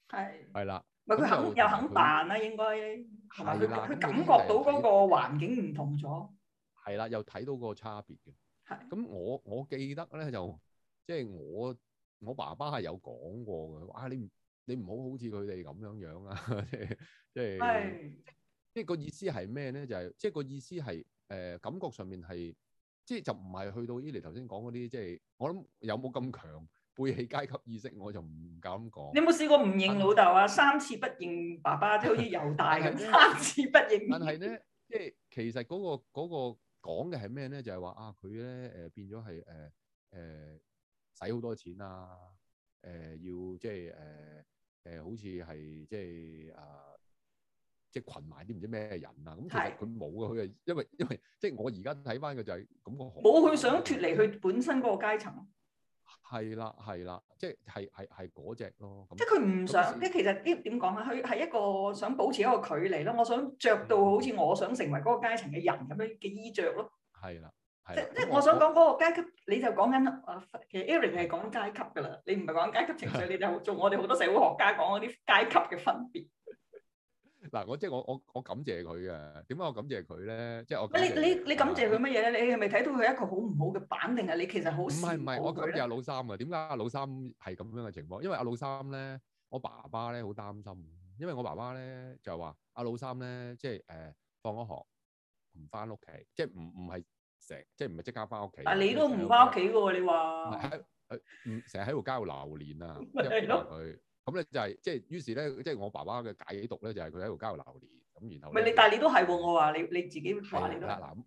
係係啦，咪佢 [laughs] 的肯又肯扮啦，應該係啦，佢的感覺到嗰個環境唔同咗，係啦，又睇到個差別嘅，咁的的我我記得咧，就即係我我爸爸係有講過嘅，哇你！你唔好好似佢哋咁樣樣啊！ [laughs] 就是、是即係即係即係個意思係咩咧？就係即係個意思係誒感覺上面係即係就唔係去到依嚟頭先講嗰啲，即、就、係、是、我諗有冇咁強背棄階級意識，我就唔敢講。你有冇試過唔認但老豆啊？三次不認爸爸，即係好似猶大咁三次不認但呢。但係咧，即係其實嗰、那個嗰講嘅係咩咧？就係、是、話啊，佢咧誒變咗係誒誒使好多錢啊！誒、呃、要即係誒。呃呃誒、呃，好似係即係啊，即係群埋啲唔知咩人啊，咁其實佢冇噶，佢係是因為因為即係我而家睇翻嘅就係咁個，冇佢想脫離佢本身嗰個階層。係啦係啦，即係係係係嗰隻咯，即係佢唔想，即係時其實啲點講啊，佢係一個想保持一個距離咯，我想着到好似我想成為嗰個階層嘅人咁樣嘅衣着咯。係啦的。即即我，我想講嗰個階級，你就講緊啊。其實 Eric 係講階級噶啦，你唔係講階級情緒，你就做我哋好多社會學家講嗰啲階級嘅分別。嗱， [laughs] 我即我我我感謝佢嘅，點解我感謝佢咧？即、就是、我你你你感謝佢乜嘢咧？的你係咪睇到佢一個好唔好嘅版？定係你其實好唔係唔係？我感謝阿老三嘅，點解阿老三係咁樣嘅情況？因為阿老三咧，我爸爸咧好擔心，因為我爸爸咧就話、是、阿老三咧即誒放咗學唔返屋企，即唔唔係。就是成即係唔係即刻翻屋企？啊，你都唔翻屋企嘅喎，你話的？唔成日喺度街頭流連啦。咪係咯，咁咧就係即係，於是咧即係我爸爸嘅解讀咧就係佢喺度街頭流連，咁然後唔係你，但係你都係喎，我話你你自己話你嗱咁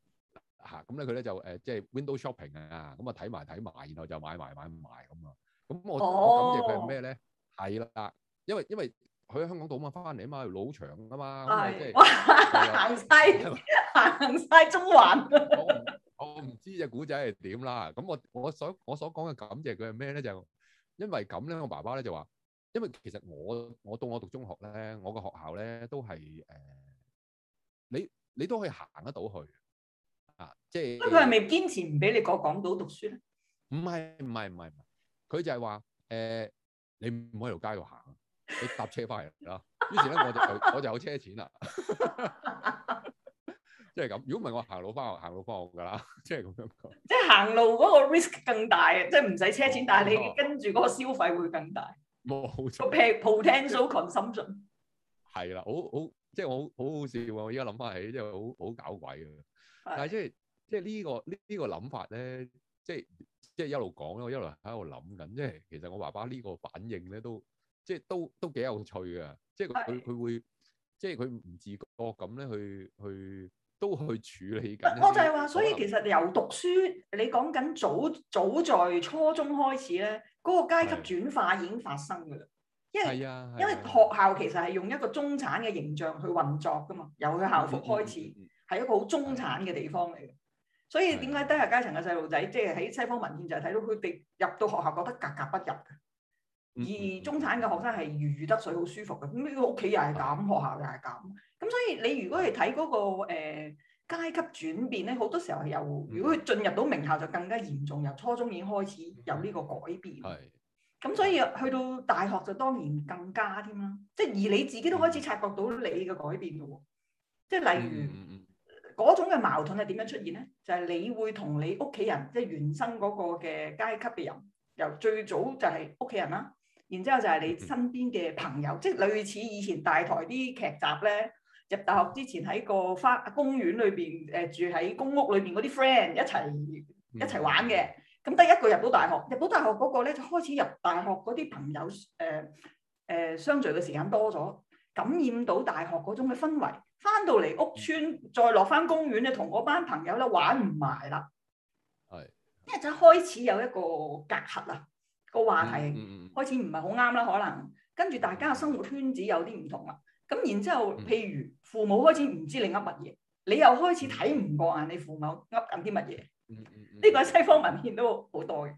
吓，咁咧佢咧就誒，即係 window shopping 啊，咁啊睇埋睇埋，然後就買埋買埋咁啊。咁我、哦、我感謝佢係咩咧？係啦，因為因為。佢喺香港島啊嘛，翻嚟啊嘛，路長噶嘛，即係行晒行晒中環 [laughs] 。我唔知隻古仔係點啦。咁我我所我所講嘅感謝佢係咩咧？就是、因為咁咧，我爸爸咧就話，因為其實我我到我讀中學咧，我嘅學校咧都係誒、呃，你你都可以行得到去啊，即、就、係、是。咁佢係咪堅持唔俾你過港島讀書咧？唔係唔係唔係，佢就係話誒，你唔好喺條街度行。你搭車翻嚟啦，於是咧我就 [laughs] 我就有車錢啦，即係咁。如果唔係我行路翻，我行路翻我噶啦， [laughs] 即係咁樣講。即係行路嗰個 risk 更大啊，即係唔使車錢，哦、但係你跟住嗰個消費會更大。冇錯錯，個 potential consumption 係啦， [laughs] 好好即係我好好笑啊！我而家諗翻起，即係好好搞鬼啊！的但係即係即係呢個呢個諗法咧，即係即係一路講咧，我一路喺度諗緊，即係其實我爸爸呢個反應咧都。即係都都幾有趣嘅，即係佢佢會，即係佢唔自覺咁咧去去都去處理緊。我就係話，所以其實由讀書，你講緊早早在初中開始咧，嗰、那個階級轉化已經發生嘅啦。的因為因為學校其實係用一個中產嘅形象去運作噶嘛，由佢校服開始係的一個好中產嘅地方嚟嘅。所以點解的低下階層嘅細路仔，即係喺西方文獻就係睇到佢哋入到學校覺得格格不入嘅。而中產嘅學生係如魚得水，好舒服嘅。咁呢個屋企又係咁，學校又係咁。咁所以你如果係睇嗰個誒、呃、階級轉變咧，好多時候係有。嗯、如果佢進入到名校就更加嚴重，由初中已經開始有呢個改變。係是。咁所以去到大學就當然更加添啦。即係而你自己都開始察覺到你嘅改變嘅喎。即係例如嗰、嗯、種嘅矛盾係點樣出現咧？就係、是、你會同你屋企人即係、就是、原生嗰個嘅階級嘅人，由最早就係屋企人啦。然之後就係你身邊嘅朋友，嗯、即係類似以前大台啲劇集咧，入大學之前喺個花公園裏邊，誒、呃、住喺公屋裏邊嗰啲 friend 一齊一齊玩嘅，咁得、嗯嗯、一個入到大學，入到大學嗰個咧就開始入大學嗰啲朋友誒誒、呃呃、相聚嘅時間多咗，感染到大學嗰種嘅氛圍，翻到嚟屋村再落翻公園咧，同嗰班朋友咧玩唔埋啦，係、嗯，因為、嗯、就開始有一個隔閡啦。個話題開始唔係好啱啦，可能跟住大家嘅生活圈子有啲唔同啦。咁然之後，譬如父母開始唔知你噏乜嘢，你又開始睇唔過眼你父母噏緊啲乜嘢。呢個西方文獻都好多嘅。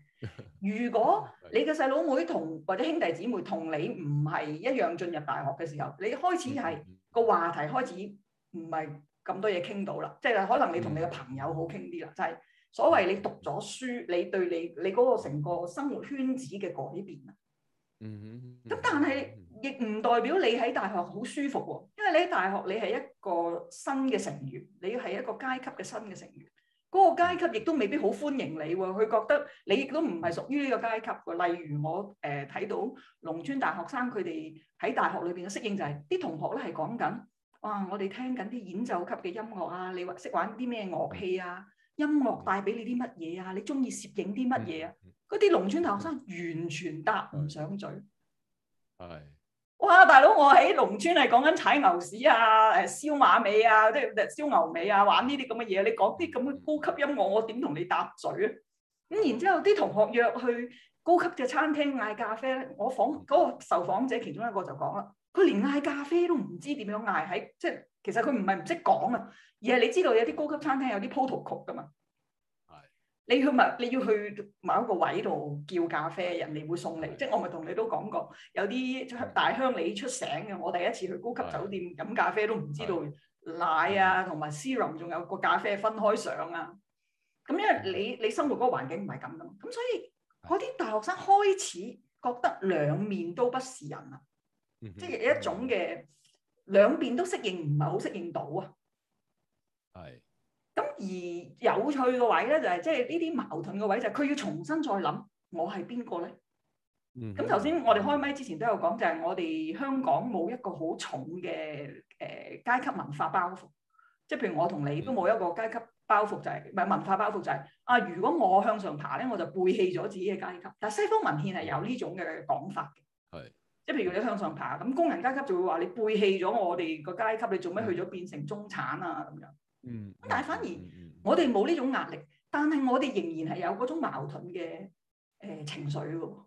如果你嘅細佬妹同或者兄弟姊妹同你唔係一樣進入大學嘅時候，你開始係個話題開始唔係咁多嘢傾到啦，即係可能你同你嘅朋友好傾啲啦，就係。所謂你讀咗書，你對你你嗰個成個生活圈子嘅改變啊、嗯，嗯咁、嗯、但係亦唔代表你喺大學好舒服喎、哦，因為你喺大學你係一個新嘅成員，你係一個階級嘅新嘅成員，嗰、那個階級亦都未必好歡迎你喎、哦，佢覺得你亦都唔係屬於呢個階級、哦。例如我誒睇、呃、到農村大學生佢哋喺大學裏邊嘅適應就係、是、啲同學咧係講緊，哇！我哋聽緊啲演奏級嘅音樂啊，你話識玩啲咩樂器啊？音樂帶俾你啲乜嘢啊？你中意攝影啲乜嘢啊？嗰啲農村大學生完全搭唔上嘴。係，哇，大佬，我喺農村係講緊踩牛屎啊，誒燒馬尾啊，即係燒牛尾啊，玩呢啲咁嘅嘢。你講啲咁嘅高級音樂，我點同你搭嘴啊？咁然之後，啲同學約去高級嘅餐廳嗌咖啡咧，我訪嗰個受訪者其中一個就講啦。佢連嗌咖啡都唔知點樣嗌喺，即係其實佢唔係唔識講啊，而係你知道有啲高級餐廳有啲 protocol 噶嘛。係，你去咪，你要去某一個位度叫咖啡，人哋會送你。的即係我咪同你都講過，有啲大鄉里出聲嘅。我第一次去高級酒店飲的咖啡都唔知道的奶啊，同埋 cream 仲有個咖啡分開上啊。咁因為你你生活嗰個環境唔係咁噶嘛。咁所以嗰啲大學生開始覺得兩面都不是人啊。即係一種嘅，兩邊都適應唔係好適應到啊。係是。咁而有趣嘅位咧，就係即係呢啲矛盾嘅位就係佢要重新再諗，是我係邊個咧？咁頭先我哋開麥之前都有講，就係我哋香港冇一個好重嘅誒階級文化包袱，即係譬如我同你都冇一個階級包袱，就係唔係文化包袱，就係啊，如果我向上爬咧，我就背棄咗自己嘅階級。但係西方文獻係有呢種嘅講法嘅。係。即係譬如你向上爬，咁工人階級就會話你背棄咗我哋個階級，你做咩去咗變成中產啊，咁樣，嗯？嗯，咁但係反而我哋冇呢種壓力，但係我哋仍然係有嗰種矛盾嘅誒、呃、情緒喎。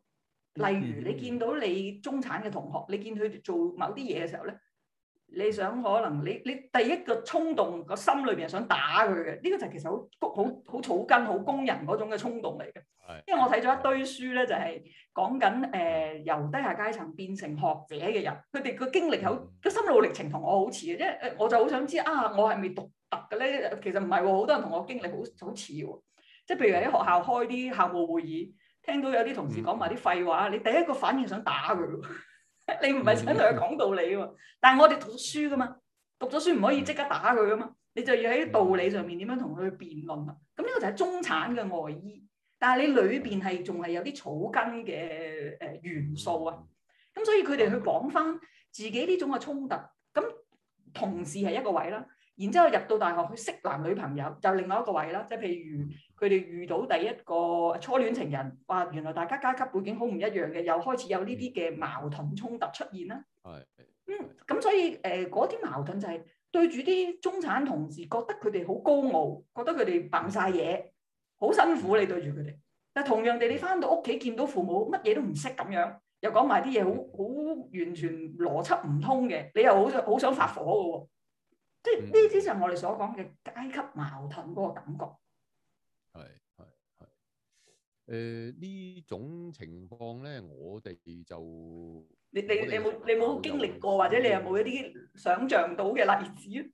例如你見到你中產嘅同學，你見佢做某啲嘢嘅時候咧。你想可能你你第一個衝動個心裏邊係想打佢嘅，呢、這個就係其實好好好草根、好工人嗰種嘅衝動嚟嘅。因為我睇咗一堆書咧，就係講緊誒由低下階層變成學者嘅人，佢哋個經歷好個心路歷程同我好似嘅，即係我就好想知啊，我係咪獨特嘅咧？其實唔係喎，好多人同我經歷好好似喎。即係譬如喺學校開啲校務會議，聽到有啲同事講埋啲廢話，嗯、你第一個反應想打佢。你唔係想同佢講道理喎，但係我哋讀咗書㗎嘛，讀咗書唔可以即刻打佢㗎嘛，你就要喺道理上面點樣同佢去辯論啊？咁呢個就係中產嘅外、呃、衣，但係你裏邊係仲係有啲草根嘅誒元素啊，咁所以佢哋去講返自己呢種嘅衝突，咁同時係一個位啦。然之後入到大學，去識男女朋友，就另外一個位啦。即係譬如佢哋遇到第一個初戀情人，話原來大家階級背景好唔一樣嘅，又開始有呢啲嘅矛盾衝突出現啦。係，嗯，咁所以誒嗰啲矛盾就係對住啲中產同事，覺得佢哋好高傲，覺得佢哋扮曬嘢，好辛苦你對住佢哋。但係同樣地，你返到屋企見到父母乜嘢都唔識咁樣，又講埋啲嘢好好完全邏輯唔通嘅，你又好想好想發火嘅喎。即係呢啲就係我哋所講嘅階級矛盾嗰個感覺，係係係。誒，呢種情況咧，我哋就你你你有冇你冇經歷過，或者你有冇一啲想象到嘅例子啊？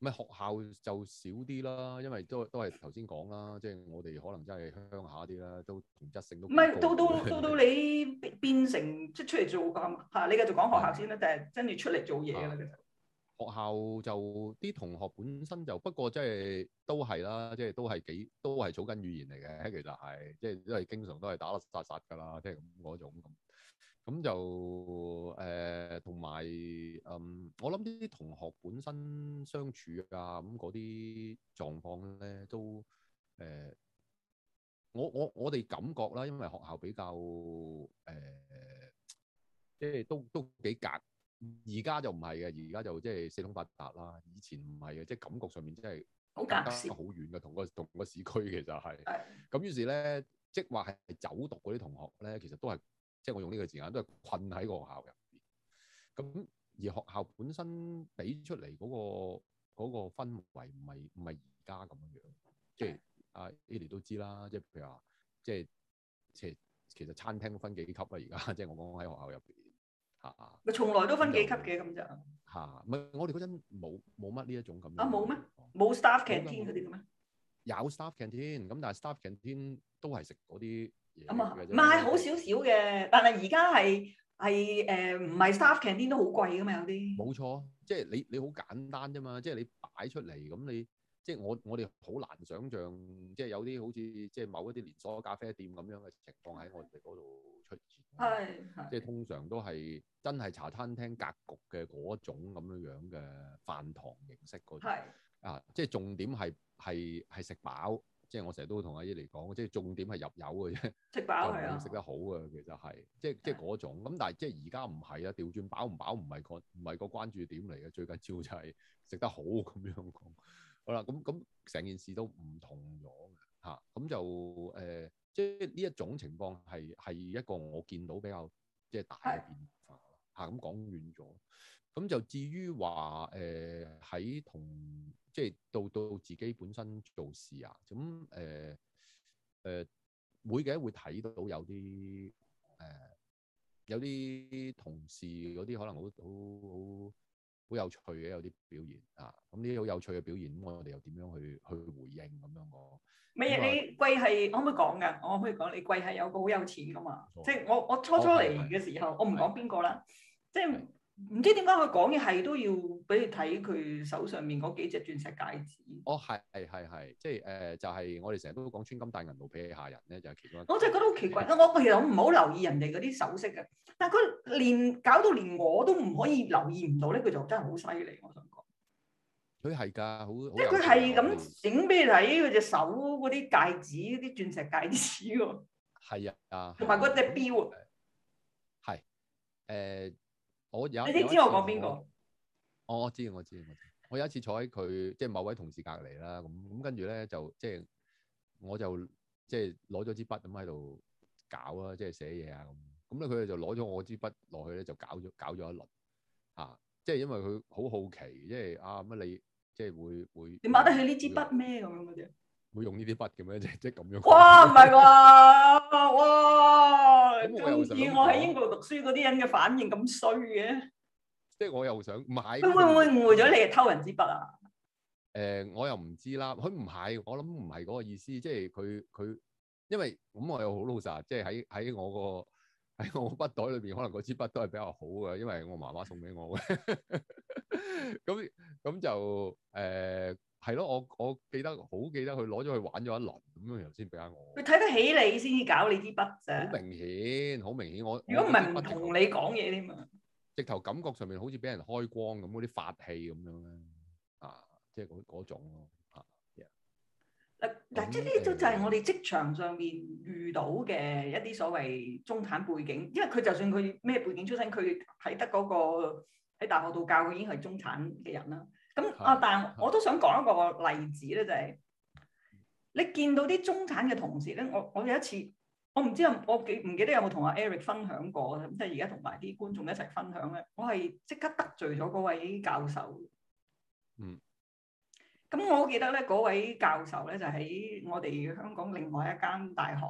咪學校就少啲啦，因為都都係頭先講啦，即係我哋可能真係鄉下啲啦，都同質性都唔係。到到到到你變成即係出嚟做噶吓？你繼續講學校先啦，定係真係出嚟做嘢啦？其實。學校就啲同學本身就不過，即係都係啦，即係都係幾都係草根語言嚟嘅，其實係即係都係經常都係打打殺殺㗎啦，即係咁嗰種咁。咁就誒同埋嗯，我諗啲同學本身相處啊咁嗰啲狀況咧都誒、呃，我我我哋感覺啦，因為學校比較誒，即係都都幾隔。而家就唔係嘅，而家就即係四通八達啦。以前唔係嘅，即係感覺上面真係好隔好遠嘅。同個同個市區其實係。咁於 [laughs] 是咧，即係話係走讀嗰啲同學咧，其實都係即係我用呢個字眼，都係困喺個學校入邊。咁而學校本身俾出嚟嗰個嗰個氛圍唔係唔係而家咁樣樣。即係阿 Eli 都知啦，即係譬如話即係即係其實餐廳分幾級啦，啊。而家即係我講喺學校入邊。嚇，咪、啊、從來都分幾級嘅咁啫。嚇、啊，咪、啊、我哋嗰陣冇冇乜呢一種咁樣。啊，冇咩？冇 staff canteen 嗰啲嘅咩？有 staff canteen，咁但係 staff canteen 都係食嗰啲嘢。咁啊，唔係好少少嘅，但係而家係係誒，唔係、呃、staff canteen 都好貴嘅嘛，有啲。冇錯，即、就、係、是、你你好簡單啫嘛，即、就、係、是、你擺出嚟咁你。即係我我哋好難想像，即係有啲好似即係某一啲連鎖咖啡店咁樣嘅情況喺我哋嗰度出現。係，是即係通常都係真係茶餐廳格局嘅嗰種咁樣樣嘅飯堂形式嗰種。是是啊，即係重點係係係食飽。即係我成日都同阿姨嚟講，即係重點係入油嘅啫。食飽唔係食 [laughs] 得好是啊，其實係，即係即係嗰種。咁但係即係而家唔係啊，調轉飽唔飽唔係個唔係個關注點嚟嘅。最緊要就係食得好咁樣講。好啦，咁咁成件事都唔同咗嘅，咁、啊、就誒、呃，即係呢一種情況係係一個我見到比較即係大嘅變化嚇，咁講的遠咗。咁就至於話誒喺同即係到到自己本身做事啊，咁誒誒會嘅會睇到有啲誒、呃、有啲同事嗰啲可能好好好。好有趣嘅有啲表現啊！咁呢啲好有趣嘅表現，咁、啊、我哋又點樣去去回應咁樣講？唔係喂為你貴係我可唔可以講噶？我可以講，你貴係有個好有錢噶嘛。嗯、即係我我初初嚟嘅時候，嗯、我唔講邊個啦。的即係。唔知點解佢講嘢係都要俾你睇佢手上面嗰幾隻鑽石戒指。哦，係係係，即係誒，就係、是呃就是、我哋成日都講穿金戴銀露俾你下人咧，就係奇怪。我就覺得好奇怪， [laughs] 我其實我唔好留意人哋嗰啲首飾嘅，但佢連搞到連我都唔可以留意唔到咧，佢就真係好犀利。我想講，佢係噶，好即係佢係咁影俾你睇佢隻手嗰啲戒指、啲鑽石戒指、指喎。係啊，同埋嗰隻錶，係誒。嗯我有你知有我講邊個？我知，我知，我知。我有一次坐喺佢即係某位同事隔籬啦，咁咁跟住咧就即係、就是、我就即係攞咗支筆咁喺度搞、就是、寫搞，搞啊，即係寫嘢啊咁。咁咧佢哋就攞咗我支筆落去咧就搞咗搞咗一輪啊！即係因為佢好好奇，就是啊、即係啊乜你即係會會？會你買得佢呢支筆咩咁嗰啲？會用呢啲筆嘅咩？即係咁樣哇。哇，唔係喎！哇，咁似我喺英國讀書嗰啲人嘅反應咁衰嘅。 [laughs] 即係我又想唔係。佢會唔會誤會咗你係偷人支筆啊？誒、呃，我又唔知啦。佢唔係，我諗唔係嗰個意思。即係佢佢，因為咁我又好老實，即係喺喺我個喺我筆袋裏邊，可能嗰支筆都係比較好嘅，因為我媽媽送俾我嘅。咁 [laughs] 咁就誒。呃係咯，我我記得好記得佢攞咗去玩咗一輪，咁樣頭先俾翻我。佢睇得起你先至搞你支筆咋？好明顯，好明顯，我如果唔係唔同你講嘢添啊！直頭感覺上面好似俾人開光咁，嗰啲法器咁樣咧，啊，即係嗰嗰種啊。嗱，即係呢啲都就係我哋職場上面遇到嘅一啲所謂中產背景，因為佢就算佢咩背景出身，佢喺得嗰個喺大學度教，佢已經係中產嘅人啦。咁啊，但係我都想講一個例子咧，就係、是、你見到啲中產嘅同事咧。我我有一次，我唔知我記唔記得有冇同阿 Eric 分享過咧。咁即係而家同埋啲觀眾一齊分享咧，我係即刻得罪咗嗰位教授。嗯，咁我記得咧，嗰位教授咧就喺、是、我哋香港另外一間大學，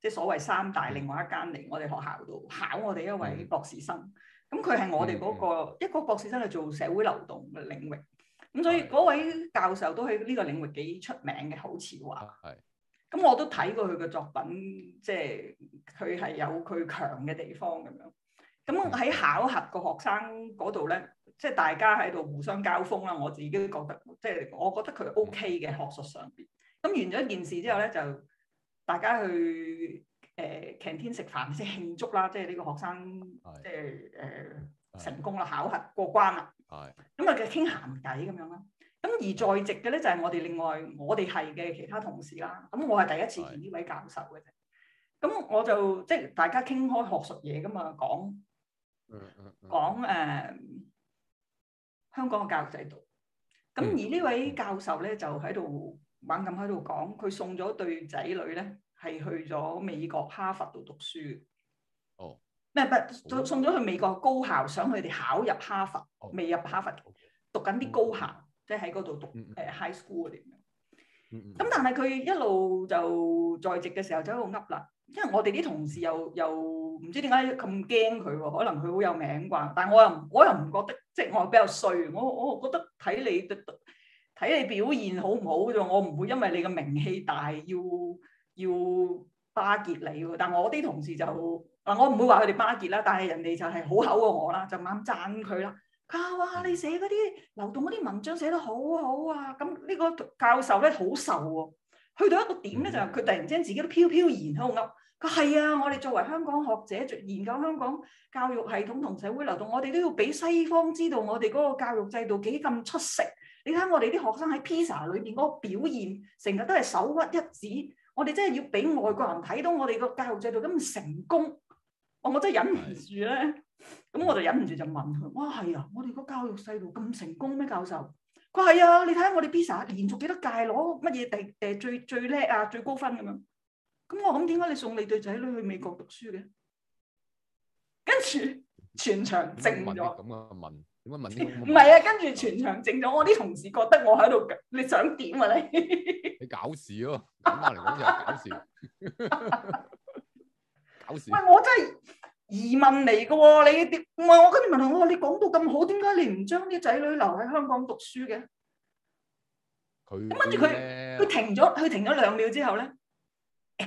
即、就、係、是、所謂三大另外一間嚟我哋學校度考我哋一位博士生。咁佢係我哋嗰、那個、嗯、一個博士生係做社會流動嘅領域。咁所以嗰位教授都喺呢個領域幾出名嘅，好似話。係。咁我都睇過佢嘅作品，即係佢係有佢強嘅地方咁樣。咁喺考核個學生嗰度咧，即係大家喺度互相交鋒啦。我自己都覺得，即係我覺得佢 OK 嘅、嗯、學術上邊。咁完咗一件事之後咧，就大家去誒 canteen 食飯先慶祝啦，即係呢個學生、嗯、即係誒、呃、成功啦，考核過關啦。係，咁啊、嗯，佢傾閒偈咁樣啦。咁而在籍嘅咧就係、是、我哋另外我哋係嘅其他同事啦。咁、嗯、我係第一次見呢位教授嘅。啫是。咁我就即係大家傾開學術嘢噶嘛，講，嗯嗯、講誒、呃、香港嘅教育制度。咁、嗯嗯、而呢位教授咧就喺度猛咁喺度講，佢送咗對仔女咧係去咗美國哈佛度讀書。哦。唔送咗去美國高校，想佢哋考入哈佛，oh. 未入哈佛，Okay. 讀緊啲高校，mm hmm. 即係喺嗰度讀誒 high school 嗰啲，咁。咁但係佢一路就在職嘅時候就喺度噏啦，因為我哋啲同事又又唔知點解咁驚佢喎，可能佢好有名啩。但我又我又唔覺得，即係我比較衰，我我覺得睇你睇你表現好唔好就，我唔會因為你嘅名氣大要要。要要巴結你喎，但我啲同事就嗱，我唔會話佢哋巴結啦，但係人哋就係好口過我啦，就猛讚佢啦。佢話你寫嗰啲流動嗰啲文章寫得好好啊，咁呢個教授咧好瘦喎、哦，去到一個點咧就係佢突然之間自己都飄飄然喺度噏。佢係啊，我哋作為香港學者，研究香港教育系統同社會流動，我哋都要俾西方知道我哋嗰個教育制度幾咁出色。你睇我哋啲學生喺 PISA 裏面嗰個表現，成日都係首屈一指。我哋真係要俾外國人睇到我哋個教育制度咁成功，哇、哦！我真係忍唔住咧，咁的我就忍唔住就問佢：，哇，係啊！我哋個教育細路咁成功咩？教授，佢話係啊，你睇下我哋 PISA 連續幾多屆攞乜嘢第第最最叻啊，最高分咁樣。咁我諗，點解你送你對仔女去美國讀書嘅？跟住全場靜咗。咁啊問？點解問啲唔係啊？跟住全場靜咗，我啲同事覺得我喺度，你想點啊你？ [laughs] 你搞事咯，咁嚟講就係搞事，搞事。唔 [laughs] 係了我真係疑問嚟噶喎，你點？唔係我跟住問佢，我話你講到咁好，點解你唔將啲仔女留喺香港讀書嘅？佢跟住佢，佢停咗，佢停咗兩秒之後咧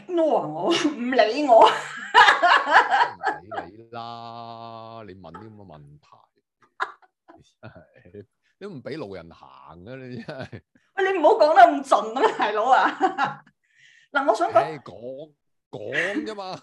，no 啊我唔理我。唔 [laughs] 理你啦，你問啲咁嘅問題。哎、你都唔俾路人行嘅，啊，你真係喂、哎！你唔好講得咁盡啊，大佬啊！嗱， [laughs] 我想講講講啫嘛。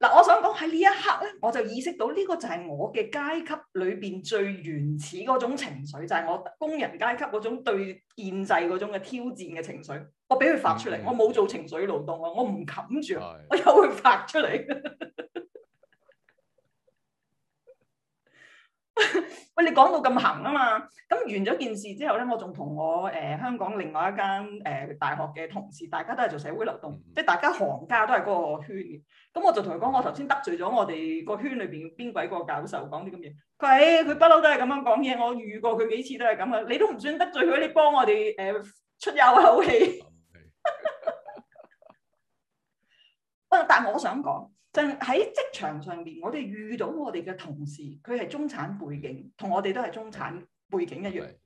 嗱， [laughs] 我想講喺呢一刻咧，我就意識到呢個就係我嘅階級裏邊最原始嗰種情緒，就係、是、我工人階級嗰種對建制嗰種嘅挑戰嘅情緒。我俾佢發出嚟，嗯，我冇做情緒勞動啊，的我唔冚住，我又會發出嚟。 [laughs] [laughs] 喂，你講到咁行啊嘛？咁完咗件事之後咧，我仲同我誒、呃、香港另外一間誒、呃、大學嘅同事，大家都係做社會流動，即係大家行家都係嗰個圈。咁我就同佢講，我頭先得罪咗我哋個圈裏邊邊鬼個教授，講啲咁嘢。佢佢不嬲都係咁樣講嘢，我遇過佢幾次都係咁啊！你都唔算得罪佢，你幫我哋誒、呃、出一口氣。但係我想講，就喺、是、職場上邊，我哋遇到我哋嘅同事，佢係中產背景，同我哋都係中產背景一樣。是是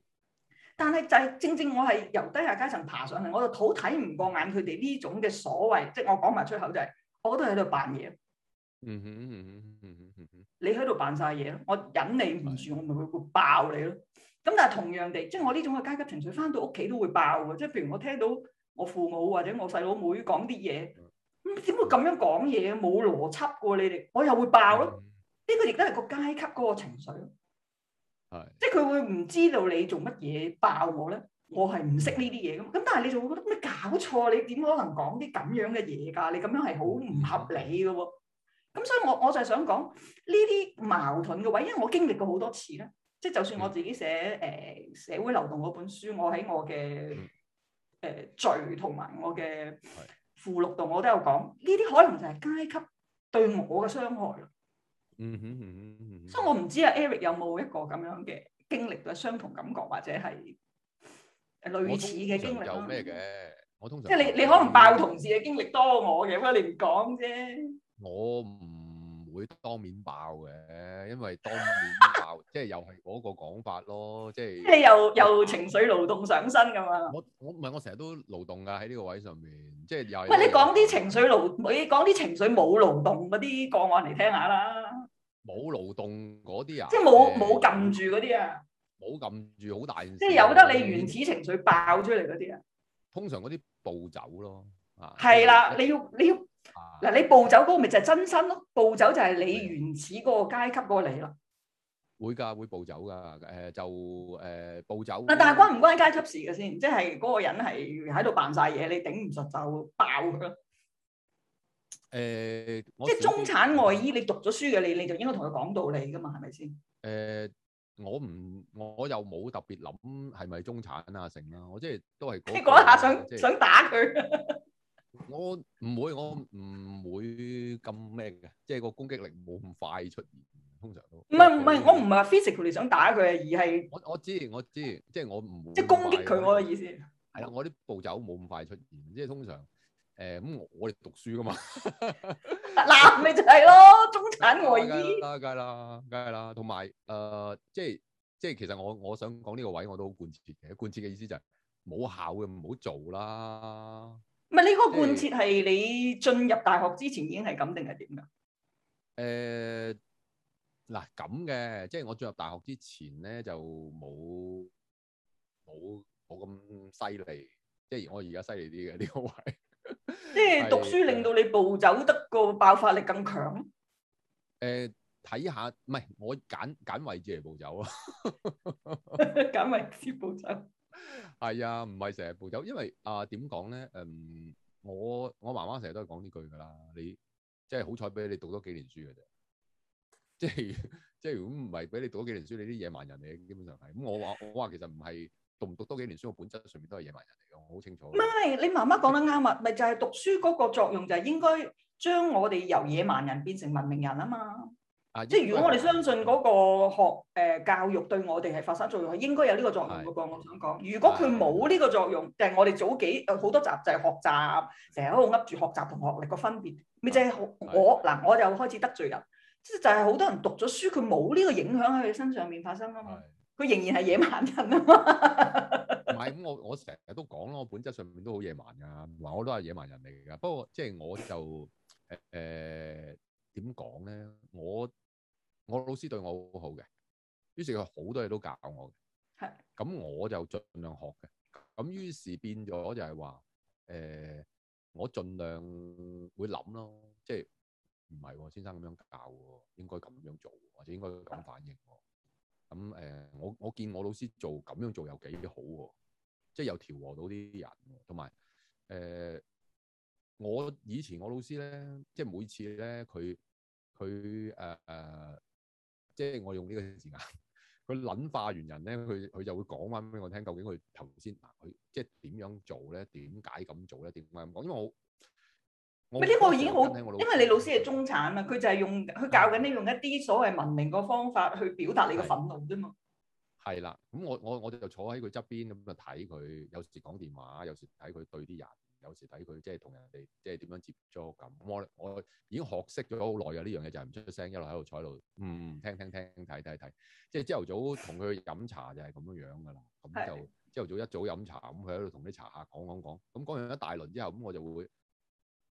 但係就係、是、正正我係由低下階層爬上去，我就睇唔過眼佢哋呢種嘅所謂，即、就、係、是、我講埋出口就係、是，我都係喺度扮嘢。嗯哼嗯哼你喺度扮晒嘢咯，我忍你唔住，是我咪會會爆你咯。咁但係同樣地，即、就、係、是、我呢種嘅階級情緒，翻到屋企都會爆嘅。即、就、係、是、譬如我聽到我父母或者我細佬妹講啲嘢。嗯，點會咁樣講嘢？冇邏輯過你哋，我又會爆咯、啊。呢、這個亦都係個階級嗰個情緒咯，係是，即係佢會唔知道你做乜嘢爆我咧？我係唔識呢啲嘢嘅，咁但係你仲會覺得咩搞錯？你點可能講啲咁樣嘅嘢㗎？你咁樣係好唔合理嘅喎。咁是所以我，我我就係想講呢啲矛盾嘅位，因為我經歷過好多次咧。即係就算我自己寫誒、呃、社會流動嗰本書，我喺我嘅誒序同埋我嘅。.附錄度我都有講，呢啲可能就係階級對我嘅傷害咯。嗯哼嗯哼嗯哼，所以我唔知啊 Eric 有冇一個咁樣嘅經歷嘅相同感覺，或者係類似嘅經歷啦。有咩嘅？我通常即係你你可能爆同事嘅經歷多我嘅，因為你唔講啫。我唔會當面爆嘅，因為當面爆即係又係嗰個講法咯，即係即係又又情緒勞動上身咁樣。我我唔係我成日都勞動㗎喺呢個位上面。即係又，你講啲情緒勞，你講啲情緒冇勞動嗰啲個案嚟聽下啦。冇勞動嗰啲啊？即係冇冇撳住嗰啲啊？冇撳住好大，即係由得你原始情緒爆出嚟嗰啲啊？通常嗰啲暴走咯，啊係啦，你要你要嗱、啊、你暴走嗰個咪就係真身咯，暴走就係你原始嗰個階級嗰個你啦。會噶會暴走噶，誒就誒暴走。嗱，但係關唔關階級事嘅先？即係嗰個人係喺度扮晒嘢，你頂唔實就爆噶。誒，即係中產外衣，你讀咗書嘅，你你就應該同佢講道理噶嘛，係咪先？誒，我唔，我又冇特別諗係咪中產啊，成啦,我即係都係。即係講一下,想想打佢。我唔會，我唔會咁咩嘅，即係個攻擊力冇咁快出現。通常都唔係唔係，我唔係 physically 想打佢，而係我我知我知，即係我唔即係攻擊佢，我嘅意思係啦。我啲步驟冇咁快出現，即係通常誒咁，我哋讀書噶嘛，嗱 [laughs] 咪、啊、就係咯，中產外衣，梗係啦，梗係啦，梗係啦。同埋誒，即係即係，其實我我想講呢個位我都好貫徹嘅，貫徹嘅意思就係冇考嘅唔好做啦。唔係呢個貫徹係你進入大學之前已經係咁定係點㗎？誒。呃嗱咁嘅，即係我進入大學之前咧，就冇冇冇咁犀利，即係我而家犀利啲嘅呢個位，即係讀書令到你步走得個爆發力更強。誒，睇下唔係我揀揀位置嚟步走啊，揀位置步走。係啊，唔係成日步走，因為啊，點講咧？嗯，我我媽媽成日都係講呢句噶啦，你即係好彩俾你讀多幾年書嘅啫。即係即係， [laughs] 如果唔係俾你，讀，你讀，讀多幾年書，你啲野蠻人嚟基本上係。咁我話我話，其實唔係讀唔讀多幾年書，我本質上面都係野蠻人嚟嘅，我好清楚。唔係，你媽媽講得啱啊！咪就係、是、讀書嗰個作用，就係應該將我哋由野蠻人變成文明人啊嘛。啊，即係如果我哋相信嗰個學誒教育對我哋係發生作用，應該有呢個作用個我想講，如果佢冇呢個作用，的就係我哋早幾好多集就係學習，成日喺度噏住學習同學歷個分別，咪即係我嗱的，我就開始得罪人。即係就係好多人讀咗書，佢冇呢個影響喺佢身上面發生啊嘛，佢是仍然係野蠻人啊嘛。唔係咁，我我成日都講咯，我本質上面都好野蠻噶，話我都係野蠻人嚟噶。不過即係我就誒點講咧，我我老師對我好好嘅，於是佢好多嘢都教我嘅。係是。咁我就盡量學嘅。咁於是變咗就係話誒，我盡量會諗咯，即係。唔係喎，先生咁樣教喎，應該咁樣做，或者應該咁反應喎。咁誒、呃，我我見我老師做咁樣做又幾好喎、啊，即係又調和到啲人，同埋誒我以前我老師咧，即係每次咧，佢佢誒誒，即係我用呢個字眼，佢諗化完人咧，佢佢就會講翻俾我聽，究竟佢頭先嗱佢即係點樣做咧，點解咁做咧，點解咁講，因為我。呢個已經好，因為你老師係中產啊，佢就係用佢教緊你用一啲所謂文明個方法去表達你個憤怒啫嘛。係啦，咁我我我就坐喺佢側邊咁就睇佢，有時講電話，有時睇佢對啲人，有時睇佢即係同人哋即係點樣接觸咁。我我已經學識咗好耐啊，呢樣嘢就係唔出聲，一路喺度坐喺度，嗯，聽聽聽，睇睇睇。即係朝頭早同佢飲茶就係咁樣樣噶啦。咁就朝頭早一早飲茶咁，佢喺度同啲茶客講講講，咁講，講，講，講，講完一大輪之後，咁我就會。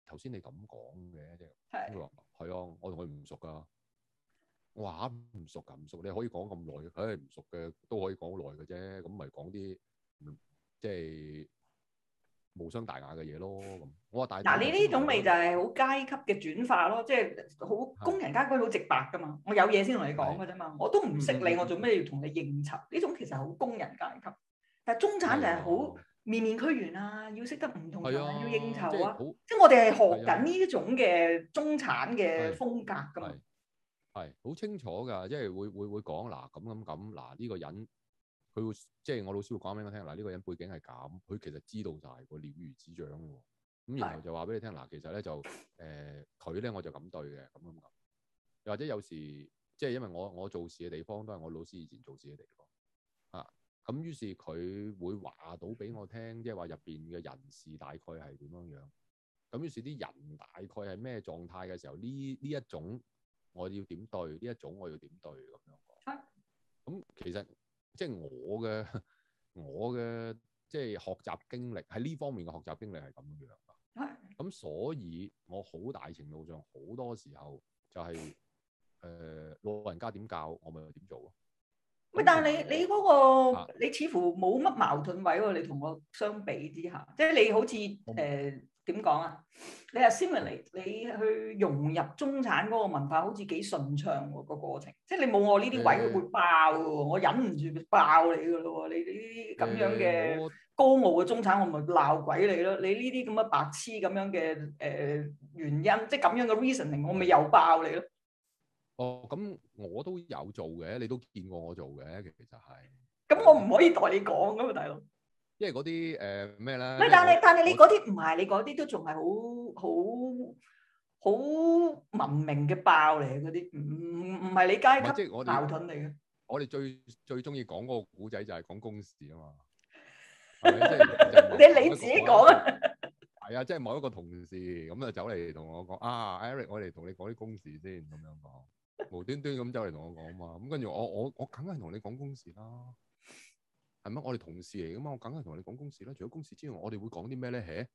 頭先你咁講嘅，即係的，係啊，我同佢唔熟噶，嘩唔熟㗎，唔熟，你可以講咁耐，佢係唔熟嘅都可以講好耐嘅啫，咁咪講啲即係無傷大雅嘅嘢咯。咁我話大，嗱，你呢種咪就係好階級嘅轉化咯，即係好工人階級好直白噶嘛，我有嘢先同你講嘅啫嘛，的我都唔識你，我做咩要同你應酬？呢種其實好工人階級，但係中產就係好。的面面俱圓啊，要識得唔同，要應酬啊！酬即係我哋係學緊呢種嘅中產嘅風格咁是的 麼。係好清楚噶，即係會會會講嗱，咁咁咁嗱呢個人，佢會即係我老師會講俾我聽嗱，呢、呢個人背景係咁，佢其實知道就晒個了如指掌喎。咁、啊、然後就話俾你聽嗱的、啊，其實咧就誒，佢咧、呃、我就咁對嘅，咁咁咁。又或者有時即係因為我我做事嘅地方都係我老師以前做事嘅地方。咁於是佢會話到俾我聽，即係話入邊嘅人事大概係點樣樣。咁於是啲人大概係咩狀態嘅時候，呢呢一種我要點對，呢一種我要點對咁樣。係。咁其實即係、就是、我嘅我嘅即係學習經歷喺呢方面嘅學習經歷係咁樣樣㗎。咁所以我好大程度上好多時候就係、是、誒、呃、老人家點教我咪點做咯。唔係，但係你你嗰個你似乎冇乜矛盾位喎。你同我相比之下，即係你好似誒點講啊？你係 simulate 你去融入中產嗰個文化，好似幾順暢個過程。即係你冇我呢啲位會爆嘅喎，嗯、我忍唔住爆你嘅咯。你呢啲咁樣嘅高傲嘅中產，我咪鬧鬼你咯。你呢啲咁嘅白痴咁樣嘅誒原因，即係咁樣嘅 reasoning，我咪又爆你咯。哦，咁我都有做嘅，你都見過我做嘅，其實係。咁我唔可以代你講噶嘛，大佬。因為嗰啲誒咩咧？咩？但係但係你嗰啲唔係，你嗰啲都仲係好好好文明嘅爆嚟，嗰啲唔唔係你階級矛盾嚟嘅。我哋最最中意講嗰個古仔就係講公事啊嘛。你你自己講啊？係啊，即係某一個同事咁就走嚟同我講啊，Eric，我哋同你講啲公事先，咁樣講。無端端咁走嚟，同我講嘛，咁跟住我我我梗係同你講公事啦，係咪？我哋同事嚟噶嘛，我梗係同你講公事啦。除咗公事之外，我哋會講啲咩咧？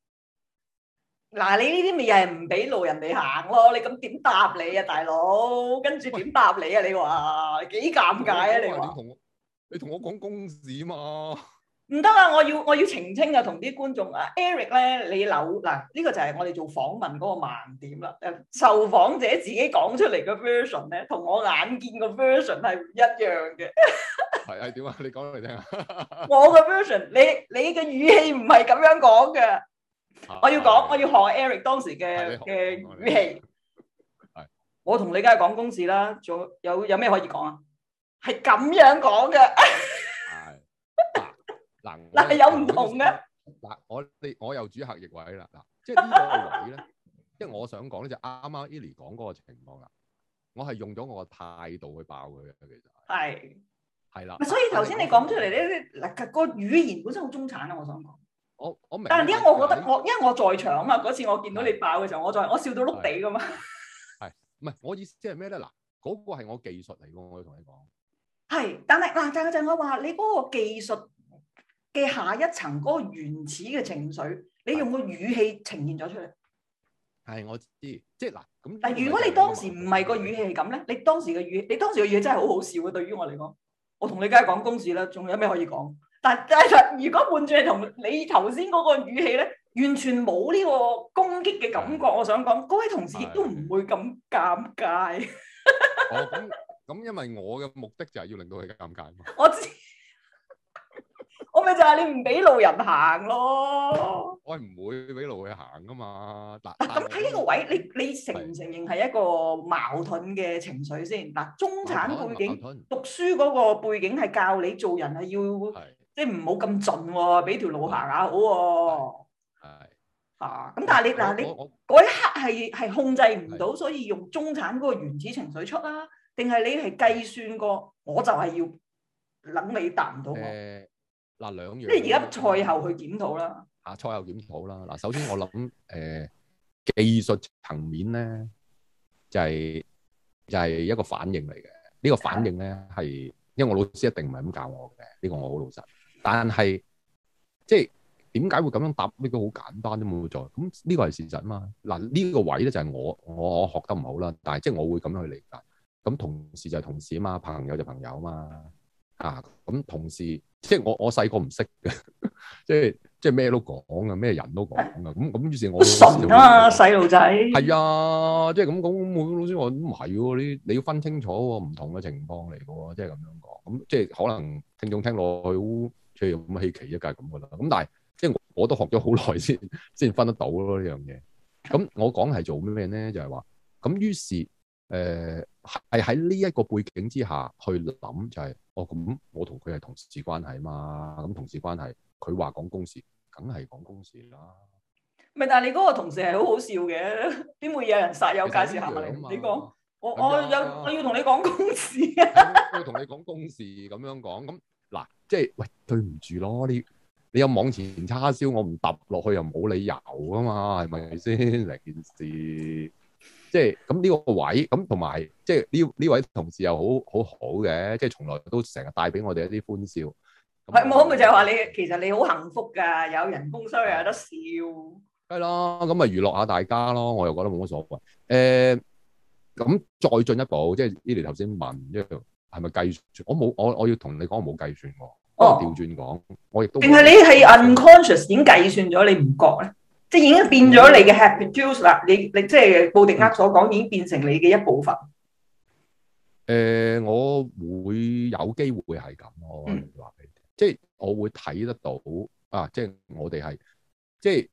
吓，嗱，你呢啲咪又係唔俾路人哋行咯？你咁點答你啊，大佬？跟住點答你啊？喂你話幾尷尬啊？我你話你同說我講公事嘛？唔得啦！我要我要澄清啊，同啲觀眾啊，Eric 咧，你扭嗱呢個就係我哋做訪問嗰個盲點啦。誒，受訪者自己講出嚟嘅 version 咧，同我眼見嘅 version 係唔一樣嘅。係 [laughs] 啊？點啊？你講嚟聽啊！ [laughs] 我嘅 version，你你嘅語氣唔係咁樣講嘅的。我要講，我要學 Eric 當時嘅嘅的語氣。係，我同你梗係講公事啦。仲有有咩可以講啊？係咁樣講嘅。 [laughs] 嗱係有唔同嘅，嗱我哋我又主客逆位啦，嗱即係呢個位咧，即係我想講咧就啱啱 Eli 講嗰個情況啊，我係用咗我嘅態度去爆佢嘅，其實係係啦，所以頭先你講出嚟呢嗱，個語言本身好中產啊，我想講，我我明，但係點解我覺得我因為我在場啊嘛，嗰次我見到你爆嘅時候，我再我笑到碌地噶嘛，係唔係？我意思即係咩咧？嗱，嗰個係我技術嚟噶，我同你講，係，但係嗱，但係就我話你嗰個技術嘅下一層嗰個原始嘅情緒，你用個語氣呈現咗出嚟，係我知，即係嗱咁。嗱如果你當時唔係個語氣咁咧，你當時嘅語氣，你當時嘅嘢真係好好笑嘅。對於我嚟講，我同你梗係講公事啦，仲有咩可以講？但係，但係，如果換轉同你頭先嗰個語氣咧，完全冇呢個攻擊嘅感覺。的我想講，各位同事亦都唔會咁尷尬。的 [laughs] 哦，咁咁，因為我嘅目的就係要令到佢尷尬嘛。我知。我咪就係你唔俾路人行咯，我係唔會俾路人行噶嘛。嗱，咁喺呢個位，你你承唔承認係一個矛盾嘅情緒先？嗱的，中產背景盾讀書嗰個背景係教你做人係要即係唔好咁盡，啊，俾條路行下好。係啊，咁，啊、但係你嗱你嗰一刻係係控制唔到，的所以用中產嗰個原始情緒出啦，啊，定係你係計算過我就係要諗你答唔到我。嗯嗱，兩樣，即係而家賽後去檢討啦。啊，賽後檢討啦。嗱，首先我諗，誒，技術層面咧，就係就係一個反應嚟嘅。呢個反應咧係，因為我老師一定唔係咁教我嘅，呢個我好老實。但係即係點解會咁樣答？呢個好簡單啫，冇錯。咁呢個係事實啊嘛。嗱，呢個位咧就係我，我我學得唔好啦。但係即係我會咁樣去理解。咁同事就係同事啊嘛，朋友就朋友啊嘛。啊，咁同時即係我我細個唔識嘅，即係即係咩都講啊，咩人都講啊，咁咁 [laughs] 於是我都純啊細路仔，係啊，即係咁講，老師我唔係喎，你你要分清楚喎，唔同嘅情況嚟嘅喎，即係咁樣講，咁、嗯、即係可能聽眾聽落去出現咁稀奇一間咁嘅啦，咁 [laughs] 但係即係我，我都學咗好耐先先分得到咯呢樣嘢，咁我講係做咩咩咧，就係話咁於是。誒，係喺呢一個背景之下去諗，就是，就係我咁，我同佢係同事關係嘛，咁、嗯、同事關係，佢話講公事，梗係講公事啦。係，但係你嗰個同事係好好笑嘅，點會有人殺友介紹下你？嘛，你講，我是是、啊、我有我要同你講公事，啊，我要同你講公事。咁 [laughs] [laughs] 樣講，咁嗱，即係喂，對唔住咯，你你有網前叉燒，我唔揼落去又冇理由噶嘛，係咪先？呢 [laughs] 件事。即係咁呢個位咁同埋，即係呢呢位同事又好好好嘅，即係從來都成日帶俾我哋一啲歡笑。係，我咪就係話你，其實你好幸福噶，有人工收入有得笑。係咯，咁咪娛樂下大家咯。我又覺得冇乜所謂。誒，咁再進一步，即係呢啲頭先問，即係係咪計算？我冇，我我要同你講，我冇計算過。哦，調轉講，我亦都。定係你係 unconscious 已經計算咗，你唔覺咧？即係已經變咗你嘅 habitus 啦，你你即係布迪厄所講，已經變成你嘅一部分。誒、嗯呃，我會有機會係咁咯，話俾你聽，即係我會睇得到啊！即係我哋係即係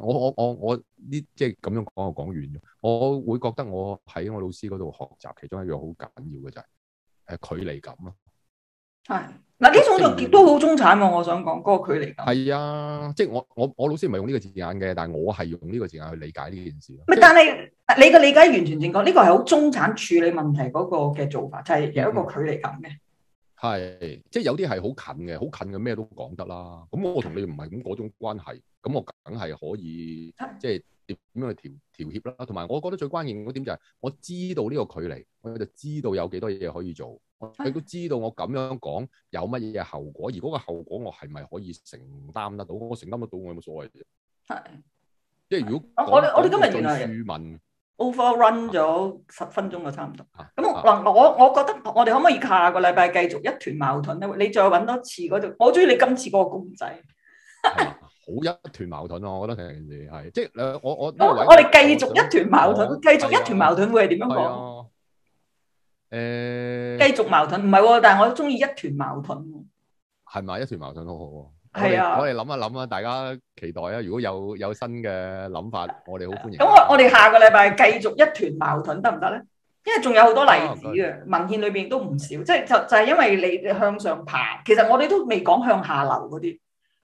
我我我我呢，即係咁樣講我講遠咗。我會覺得我喺我老師嗰度學習，其中一樣好緊要嘅就係誒距離感咯，啊。係、嗯。嗱，呢種就都好中產喎。我想講嗰個距離感。係啊，即係我我我老師唔係用呢個字眼嘅，但係我係用呢個字眼去理解呢件事。唔係，但係即你嘅理解完全正確。呢個係好中產處理問題嗰個嘅做法，就係有一個距離感嘅。係，即係有啲係好近嘅，好近嘅咩都講得啦。咁我同你唔係咁嗰種關係，咁我梗係可以即係點樣去調調協啦。同埋，我覺得最關鍵嗰點就係我知道呢個距離，我就知道有幾多嘢可以做。佢都知道我咁樣講有乜嘢後果？而嗰個後果我係咪可以承擔得到？我承擔得到，我有冇所謂啫？係。 [music] 即係如果我我哋今日仲完啦。Over run 咗十分鐘啊，差唔多。咁嗱的，我我覺得我哋可唔可以下個禮拜繼續一團矛盾咧？你再搵多次嗰度，我中意你今次嗰個公仔。好 [laughs] 一團矛盾啊。我覺得呢件事係即係我我我我哋繼續一團矛盾，繼、哦、續一團矛、哦、矛盾會係點樣講？誒，繼、嗯、續矛盾唔係喎，但係我中意一團矛盾，係咪一團矛盾好好，哦啊？係啊，我哋諗一諗啊，大家期待啊！如果有有新嘅諗法，我哋好歡迎。咁、啊、我我哋下個禮拜繼續一團矛盾得唔得咧？因為仲有好多例子嘅，嗯嗯、文獻裏邊都唔少，即係就係、就係、就係、因為你向上爬，其實我哋都未講向下流嗰啲，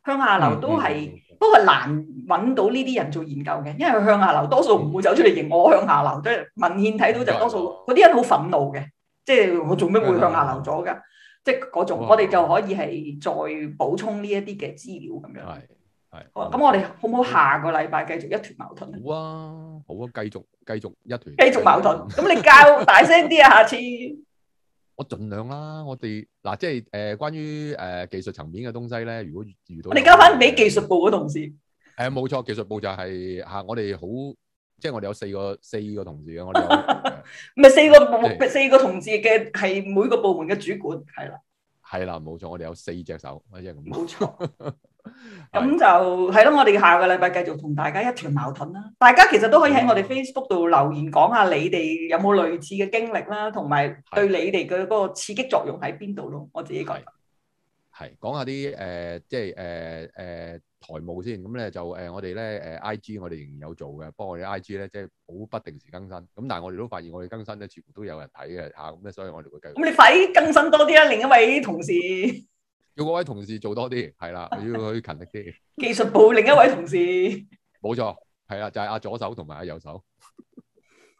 向下流都係、嗯嗯、都係難揾到呢啲人做研究嘅，因為向下流多數唔會走出嚟認我向下流，即係文獻睇到就多數嗰啲人好憤怒嘅。即係我做咩會向下流咗㗎？即係嗰種，我哋就可以係再補充呢一啲嘅資料咁樣。係係。咁我哋好唔好下個禮拜繼續一團矛盾？好啊好啊，繼續繼續一團。繼續矛盾。咁你教大聲啲啊！下次我盡量啦。我哋嗱，即係誒關於誒技術層面嘅東西咧，如果遇到我哋交翻俾技術部嘅同事。誒冇錯，技術部就係嚇我哋好。即係我哋有四個四個同事嘅，我哋有唔係四個部四個同事嘅，係每個部門嘅主管係啦，係啦冇錯，我哋有四隻手，即係咁，冇錯。咁就係咯，我哋下個禮拜繼續同大家一團矛盾啦。大家其實都可以喺我哋 Facebook 度留言講下你哋有冇類似嘅經歷啦，同埋對你哋嘅嗰個刺激作用喺邊度咯。我自己覺得係講下啲誒，即係誒誒。台務先，咁咧，就誒，IG，我哋咧誒 I G 我哋仍然有做嘅，不過我哋 I G 咧即係好不定時更新，咁但係我哋都發現我哋更新咧，全部都有人睇嘅吓，咁、啊、咧所以我哋會繼續。咁你快啲更新多啲啦，另一位同事。要嗰位同事做多啲，係啦， [laughs] 要佢勤力啲。技術部另一位同事。冇錯， [laughs] 係啦，就係、是、阿左手同埋阿右手。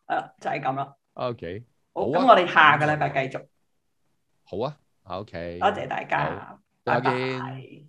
誒 [laughs] 就係咁啦。OK。好。咁、啊、我哋下個禮拜繼續。好啊。OK。多謝大家。再見。